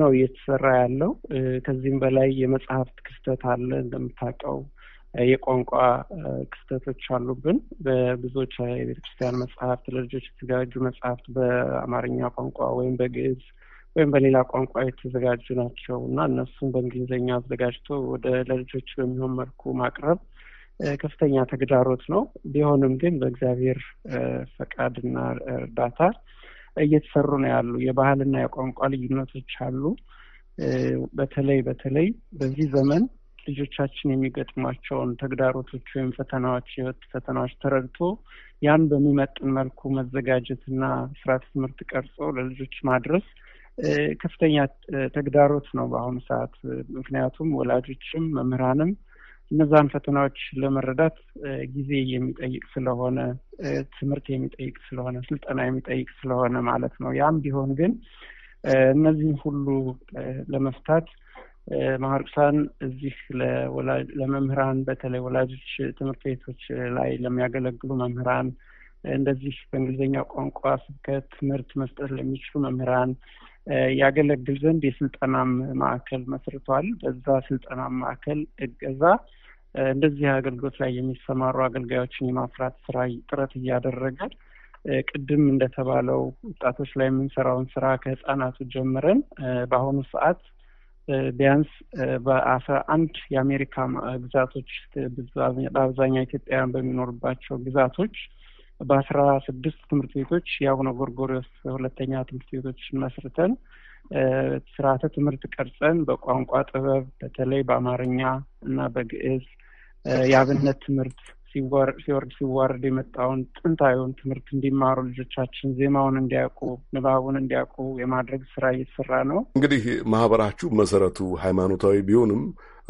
K: ነው እየተሰራ ያለው። ከዚህም በላይ የመጽሐፍት ክፍተት አለ። እንደምታውቀው የቋንቋ ክፍተቶች አሉብን። በብዙዎች የቤተክርስቲያን መጽሐፍት ለልጆች የተዘጋጁ መጽሐፍት በአማርኛ ቋንቋ ወይም በግዕዝ ወይም በሌላ ቋንቋ የተዘጋጁ ናቸው እና እነሱም በእንግሊዝኛ አዘጋጅቶ ወደ ለልጆች በሚሆን መልኩ ማቅረብ ከፍተኛ ተግዳሮት ነው። ቢሆንም ግን በእግዚአብሔር ፈቃድና እርዳታ እየተሰሩ ነው ያሉ። የባህልና የቋንቋ ልዩነቶች አሉ። በተለይ በተለይ በዚህ ዘመን ልጆቻችን የሚገጥሟቸውን ተግዳሮቶች ወይም ፈተናዎች የወጥ ፈተናዎች ተረድቶ ያን በሚመጥን መልኩ መዘጋጀትና ስርዓተ ትምህርት ቀርጾ ለልጆች ማድረስ ከፍተኛ ተግዳሮት ነው በአሁኑ ሰዓት። ምክንያቱም ወላጆችም መምህራንም እነዛን ፈተናዎች ለመረዳት ጊዜ የሚጠይቅ ስለሆነ፣ ትምህርት የሚጠይቅ ስለሆነ፣ ስልጠና የሚጠይቅ ስለሆነ ማለት ነው። ያም ቢሆን ግን እነዚህም ሁሉ ለመፍታት ማህርቅሳን እዚህ ለመምህራን በተለይ ወላጆች ትምህርት ቤቶች ላይ ለሚያገለግሉ መምህራን እንደዚህ በእንግሊዝኛ ቋንቋ ስብከት ትምህርት መስጠት ለሚችሉ መምህራን ያገለግል ዘንድ የስልጠና ማዕከል መስርቷል። በዛ ስልጠና ማዕከል እገዛ እንደዚህ አገልግሎት ላይ የሚሰማሩ አገልጋዮችን የማፍራት ስራ ጥረት እያደረገ ቅድም እንደተባለው ወጣቶች ላይ የምንሰራውን ስራ ከህጻናቱ ጀምረን በአሁኑ ሰዓት ቢያንስ በአስራ አንድ የአሜሪካ ግዛቶች በአብዛኛው ኢትዮጵያውያን በሚኖሩባቸው ግዛቶች በአስራ ስድስት ትምህርት ቤቶች የአቡነ ጎርጎሪዎስ ሁለተኛ ትምህርት ቤቶች መስርተን ስርዓተ ትምህርት ቀርጸን በቋንቋ ጥበብ በተለይ በአማርኛ እና በግዕዝ የአብነት ትምህርት ሲወርድ ሲዋረድ የመጣውን ጥንታዊውን ትምህርት እንዲማሩ ልጆቻችን ዜማውን እንዲያውቁ ንባቡን እንዲያውቁ የማድረግ ስራ እየተሰራ ነው።
A: እንግዲህ ማህበራችሁ መሰረቱ ሃይማኖታዊ ቢሆንም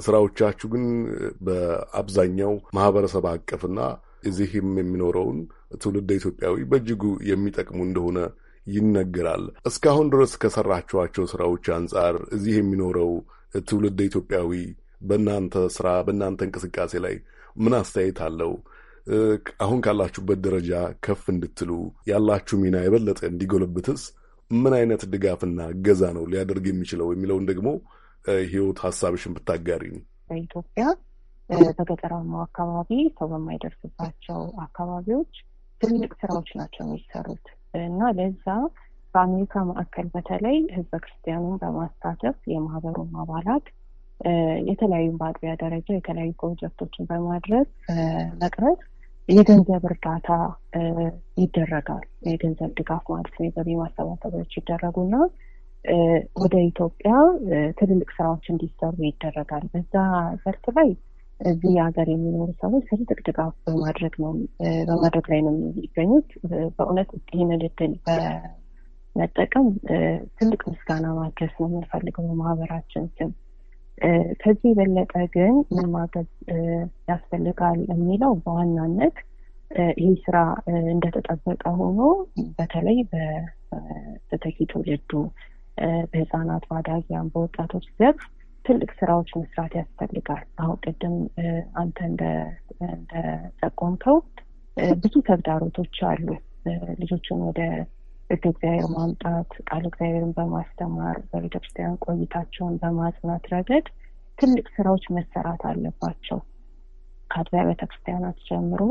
A: ስራዎቻችሁ ግን በአብዛኛው ማህበረሰብ አቀፍና እዚህም የሚኖረውን ትውልደ ኢትዮጵያዊ በእጅጉ የሚጠቅሙ እንደሆነ ይነገራል። እስካሁን ድረስ ከሰራችኋቸው ስራዎች አንጻር እዚህ የሚኖረው ትውልደ ኢትዮጵያዊ በእናንተ ስራ በእናንተ እንቅስቃሴ ላይ ምን አስተያየት አለው? አሁን ካላችሁበት ደረጃ ከፍ እንድትሉ ያላችሁ ሚና የበለጠ እንዲጎለብትስ ምን አይነት ድጋፍና እገዛ ነው ሊያደርግ የሚችለው የሚለውን ደግሞ ህይወት ሀሳብሽን ብታጋሪ ነው።
L: በኢትዮጵያ በገጠራማው አካባቢ ሰው በማይደርስባቸው አካባቢዎች ትልልቅ ስራዎች ናቸው የሚሰሩት እና ለዛ በአሜሪካ ማዕከል በተለይ ህዝበ ክርስቲያኑን በማሳተፍ የማህበሩን አባላት የተለያዩ በአጥቢያ ደረጃ የተለያዩ ፕሮጀክቶችን በማድረግ መቅረብ የገንዘብ እርዳታ ይደረጋል። የገንዘብ ድጋፍ ማለት ነው። የገቢ ማሰባሰቢያዎች ይደረጉና ወደ ኢትዮጵያ ትልልቅ ስራዎች እንዲሰሩ ይደረጋል። በዛ ዘርፍ ላይ እዚህ ሀገር የሚኖሩ ሰዎች ትልቅ ድጋፍ በማድረግ ነው በማድረግ ላይ ነው የሚገኙት። በእውነት ይህን እድል በመጠቀም ትልቅ ምስጋና ማድረስ ነው የምንፈልገው በማህበራችን ስም። ከዚህ የበለጠ ግን ምን ማገዝ ያስፈልጋል የሚለው በዋናነት ይህ ስራ እንደተጠበቀ ሆኖ በተለይ በተተኪ ትውልዱ በህፃናት፣ በአዳጊያን፣ በወጣቶች ዘርፍ ትልቅ ስራዎች መስራት ያስፈልጋል። አሁን ቅድም አንተ እንደጠቆምከው ብዙ ተግዳሮቶች አሉ። ልጆችን ወደ ሕግ እግዚአብሔር ማምጣት፣ ቃል እግዚአብሔርን በማስተማር በቤተክርስቲያን ቆይታቸውን በማጽናት ረገድ ትልቅ ስራዎች መሰራት አለባቸው። ከአጥቢያ ቤተክርስቲያናት ጀምሮ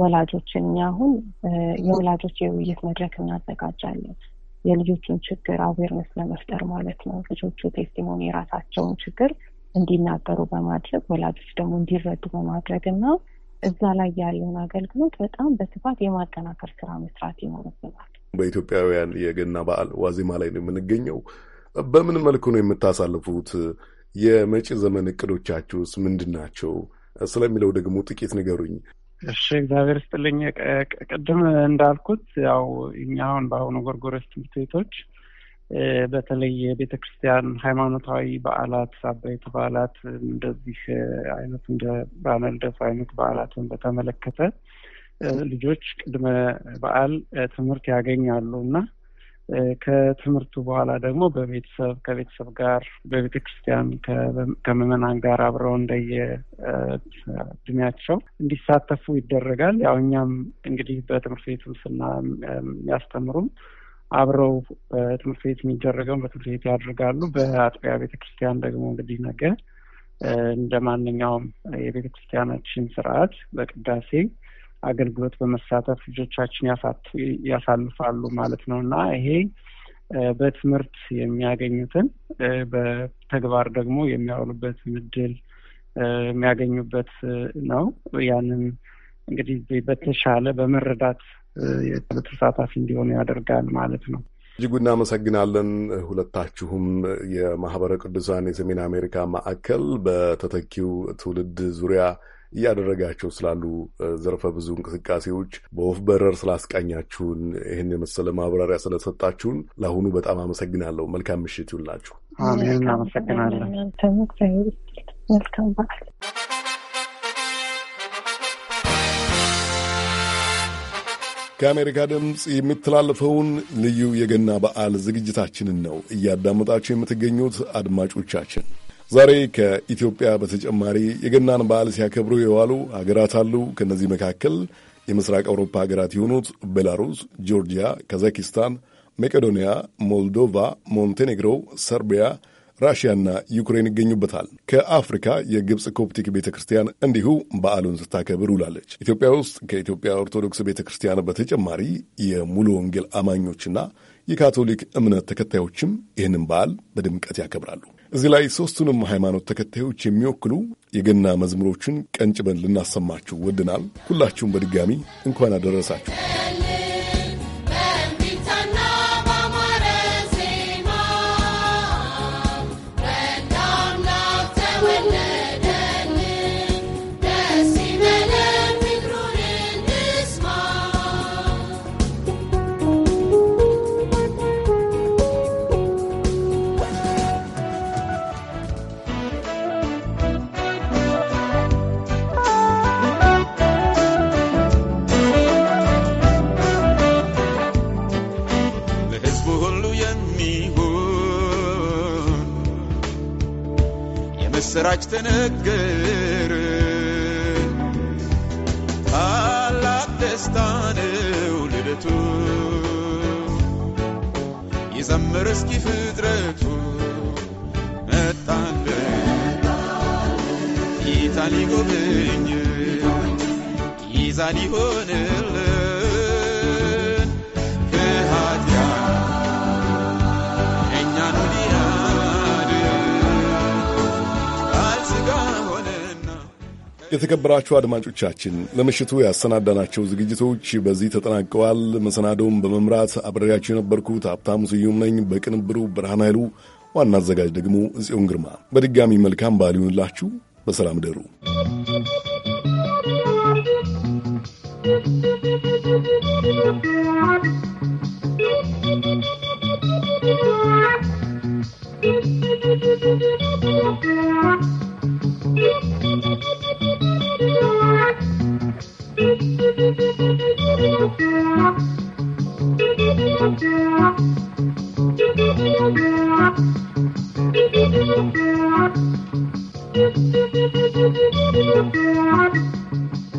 L: ወላጆችን እኛ አሁን የወላጆች የውይይት መድረክ እናዘጋጃለን። የልጆቹን ችግር አዌርነስ ለመፍጠር ማለት ነው። ልጆቹ ቴስቲሞኒ የራሳቸውን ችግር እንዲናገሩ በማድረግ ወላጆች ደግሞ እንዲረዱ በማድረግ እና እዛ ላይ ያለውን አገልግሎት በጣም በስፋት የማጠናከር ስራ መስራት ይኖርብናል።
A: በኢትዮጵያውያን የገና በዓል ዋዜማ ላይ ነው የምንገኘው። በምን መልኩ ነው የምታሳልፉት? የመጪ ዘመን እቅዶቻችሁስ ምንድን ናቸው? ስለሚለው ደግሞ ጥቂት ንገሩኝ።
K: እሺ እግዚአብሔር ስጥልኝ። ቅድም እንዳልኩት ያው እኛ አሁን በአሁኑ ጎርጎረስ ትምህርት ቤቶች በተለይ የቤተ ክርስቲያን ሃይማኖታዊ በዓላት፣ አበይት በዓላት እንደዚህ አይነት እንደ በዓለ አይነት በዓላትን በተመለከተ ልጆች ቅድመ በዓል ትምህርት ያገኛሉ እና ከትምህርቱ በኋላ ደግሞ በቤተሰብ ከቤተሰብ ጋር በቤተ ክርስቲያን ከምዕመናን ጋር አብረው እንደየ እድሜያቸው እንዲሳተፉ ይደረጋል። ያው እኛም እንግዲህ በትምህርት ቤቱም ስና የሚያስተምሩም አብረው በትምህርት ቤት የሚደረገውን በትምህርት ቤት ያደርጋሉ። በአጥቢያ ቤተ ክርስቲያን ደግሞ እንግዲህ ነገ እንደ ማንኛውም የቤተ ክርስቲያናችን ስርዓት በቅዳሴ አገልግሎት በመሳተፍ ልጆቻችን ያሳልፋሉ ማለት ነው እና ይሄ በትምህርት የሚያገኙትን በተግባር ደግሞ የሚያውሉበት ምድል የሚያገኙበት ነው። ያንን እንግዲህ በተሻለ በመረዳት ተሳታፊ እንዲሆኑ ያደርጋል ማለት ነው።
A: እጅጉ እናመሰግናለን። ሁለታችሁም የማህበረ ቅዱሳን የሰሜን አሜሪካ ማዕከል በተተኪው ትውልድ ዙሪያ እያደረጋቸው ስላሉ ዘርፈ ብዙ እንቅስቃሴዎች በወፍ በረር ስላስቃኛችሁን፣ ይህን የመሰለ ማብራሪያ ስለሰጣችሁን ለአሁኑ በጣም አመሰግናለሁ። መልካም ምሽት ይሁንላችሁ።
L: አሜን። አመሰግናለሁ። መልካም በዓል።
A: ከአሜሪካ ድምፅ የሚተላለፈውን ልዩ የገና በዓል ዝግጅታችንን ነው እያዳመጣችሁ የምትገኙት አድማጮቻችን። ዛሬ ከኢትዮጵያ በተጨማሪ የገናን በዓል ሲያከብሩ የዋሉ ሀገራት አሉ። ከእነዚህ መካከል የምስራቅ አውሮፓ ሀገራት የሆኑት ቤላሩስ፣ ጆርጂያ፣ ካዛኪስታን፣ መቄዶንያ፣ ሞልዶቫ፣ ሞንቴኔግሮ፣ ሰርቢያ ራሽያና ዩክሬን ይገኙበታል። ከአፍሪካ የግብፅ ኮፕቲክ ቤተ ክርስቲያን እንዲሁ በዓሉን ስታከብር ውላለች። ኢትዮጵያ ውስጥ ከኢትዮጵያ ኦርቶዶክስ ቤተ ክርስቲያን በተጨማሪ የሙሉ ወንጌል አማኞችና የካቶሊክ እምነት ተከታዮችም ይህንን በዓል በድምቀት ያከብራሉ። እዚህ ላይ ሦስቱንም ሃይማኖት ተከታዮች የሚወክሉ የገና መዝሙሮችን ቀንጭበን ልናሰማችሁ ወድናል። ሁላችሁም በድጋሚ እንኳን አደረሳችሁ። good. የተከበራችሁ አድማጮቻችን ለምሽቱ ያሰናዳናቸው ዝግጅቶች በዚህ ተጠናቀዋል። መሰናዶውን በመምራት አብሬያችሁ የነበርኩት ሀብታሙ ስዩም ነኝ። በቅንብሩ ብርሃን ኃይሉ፣ ዋና አዘጋጅ ደግሞ እጽዮን ግርማ። በድጋሚ መልካም በዓል ይሁንላችሁ። በሰላም ደሩ።
M: Thank you.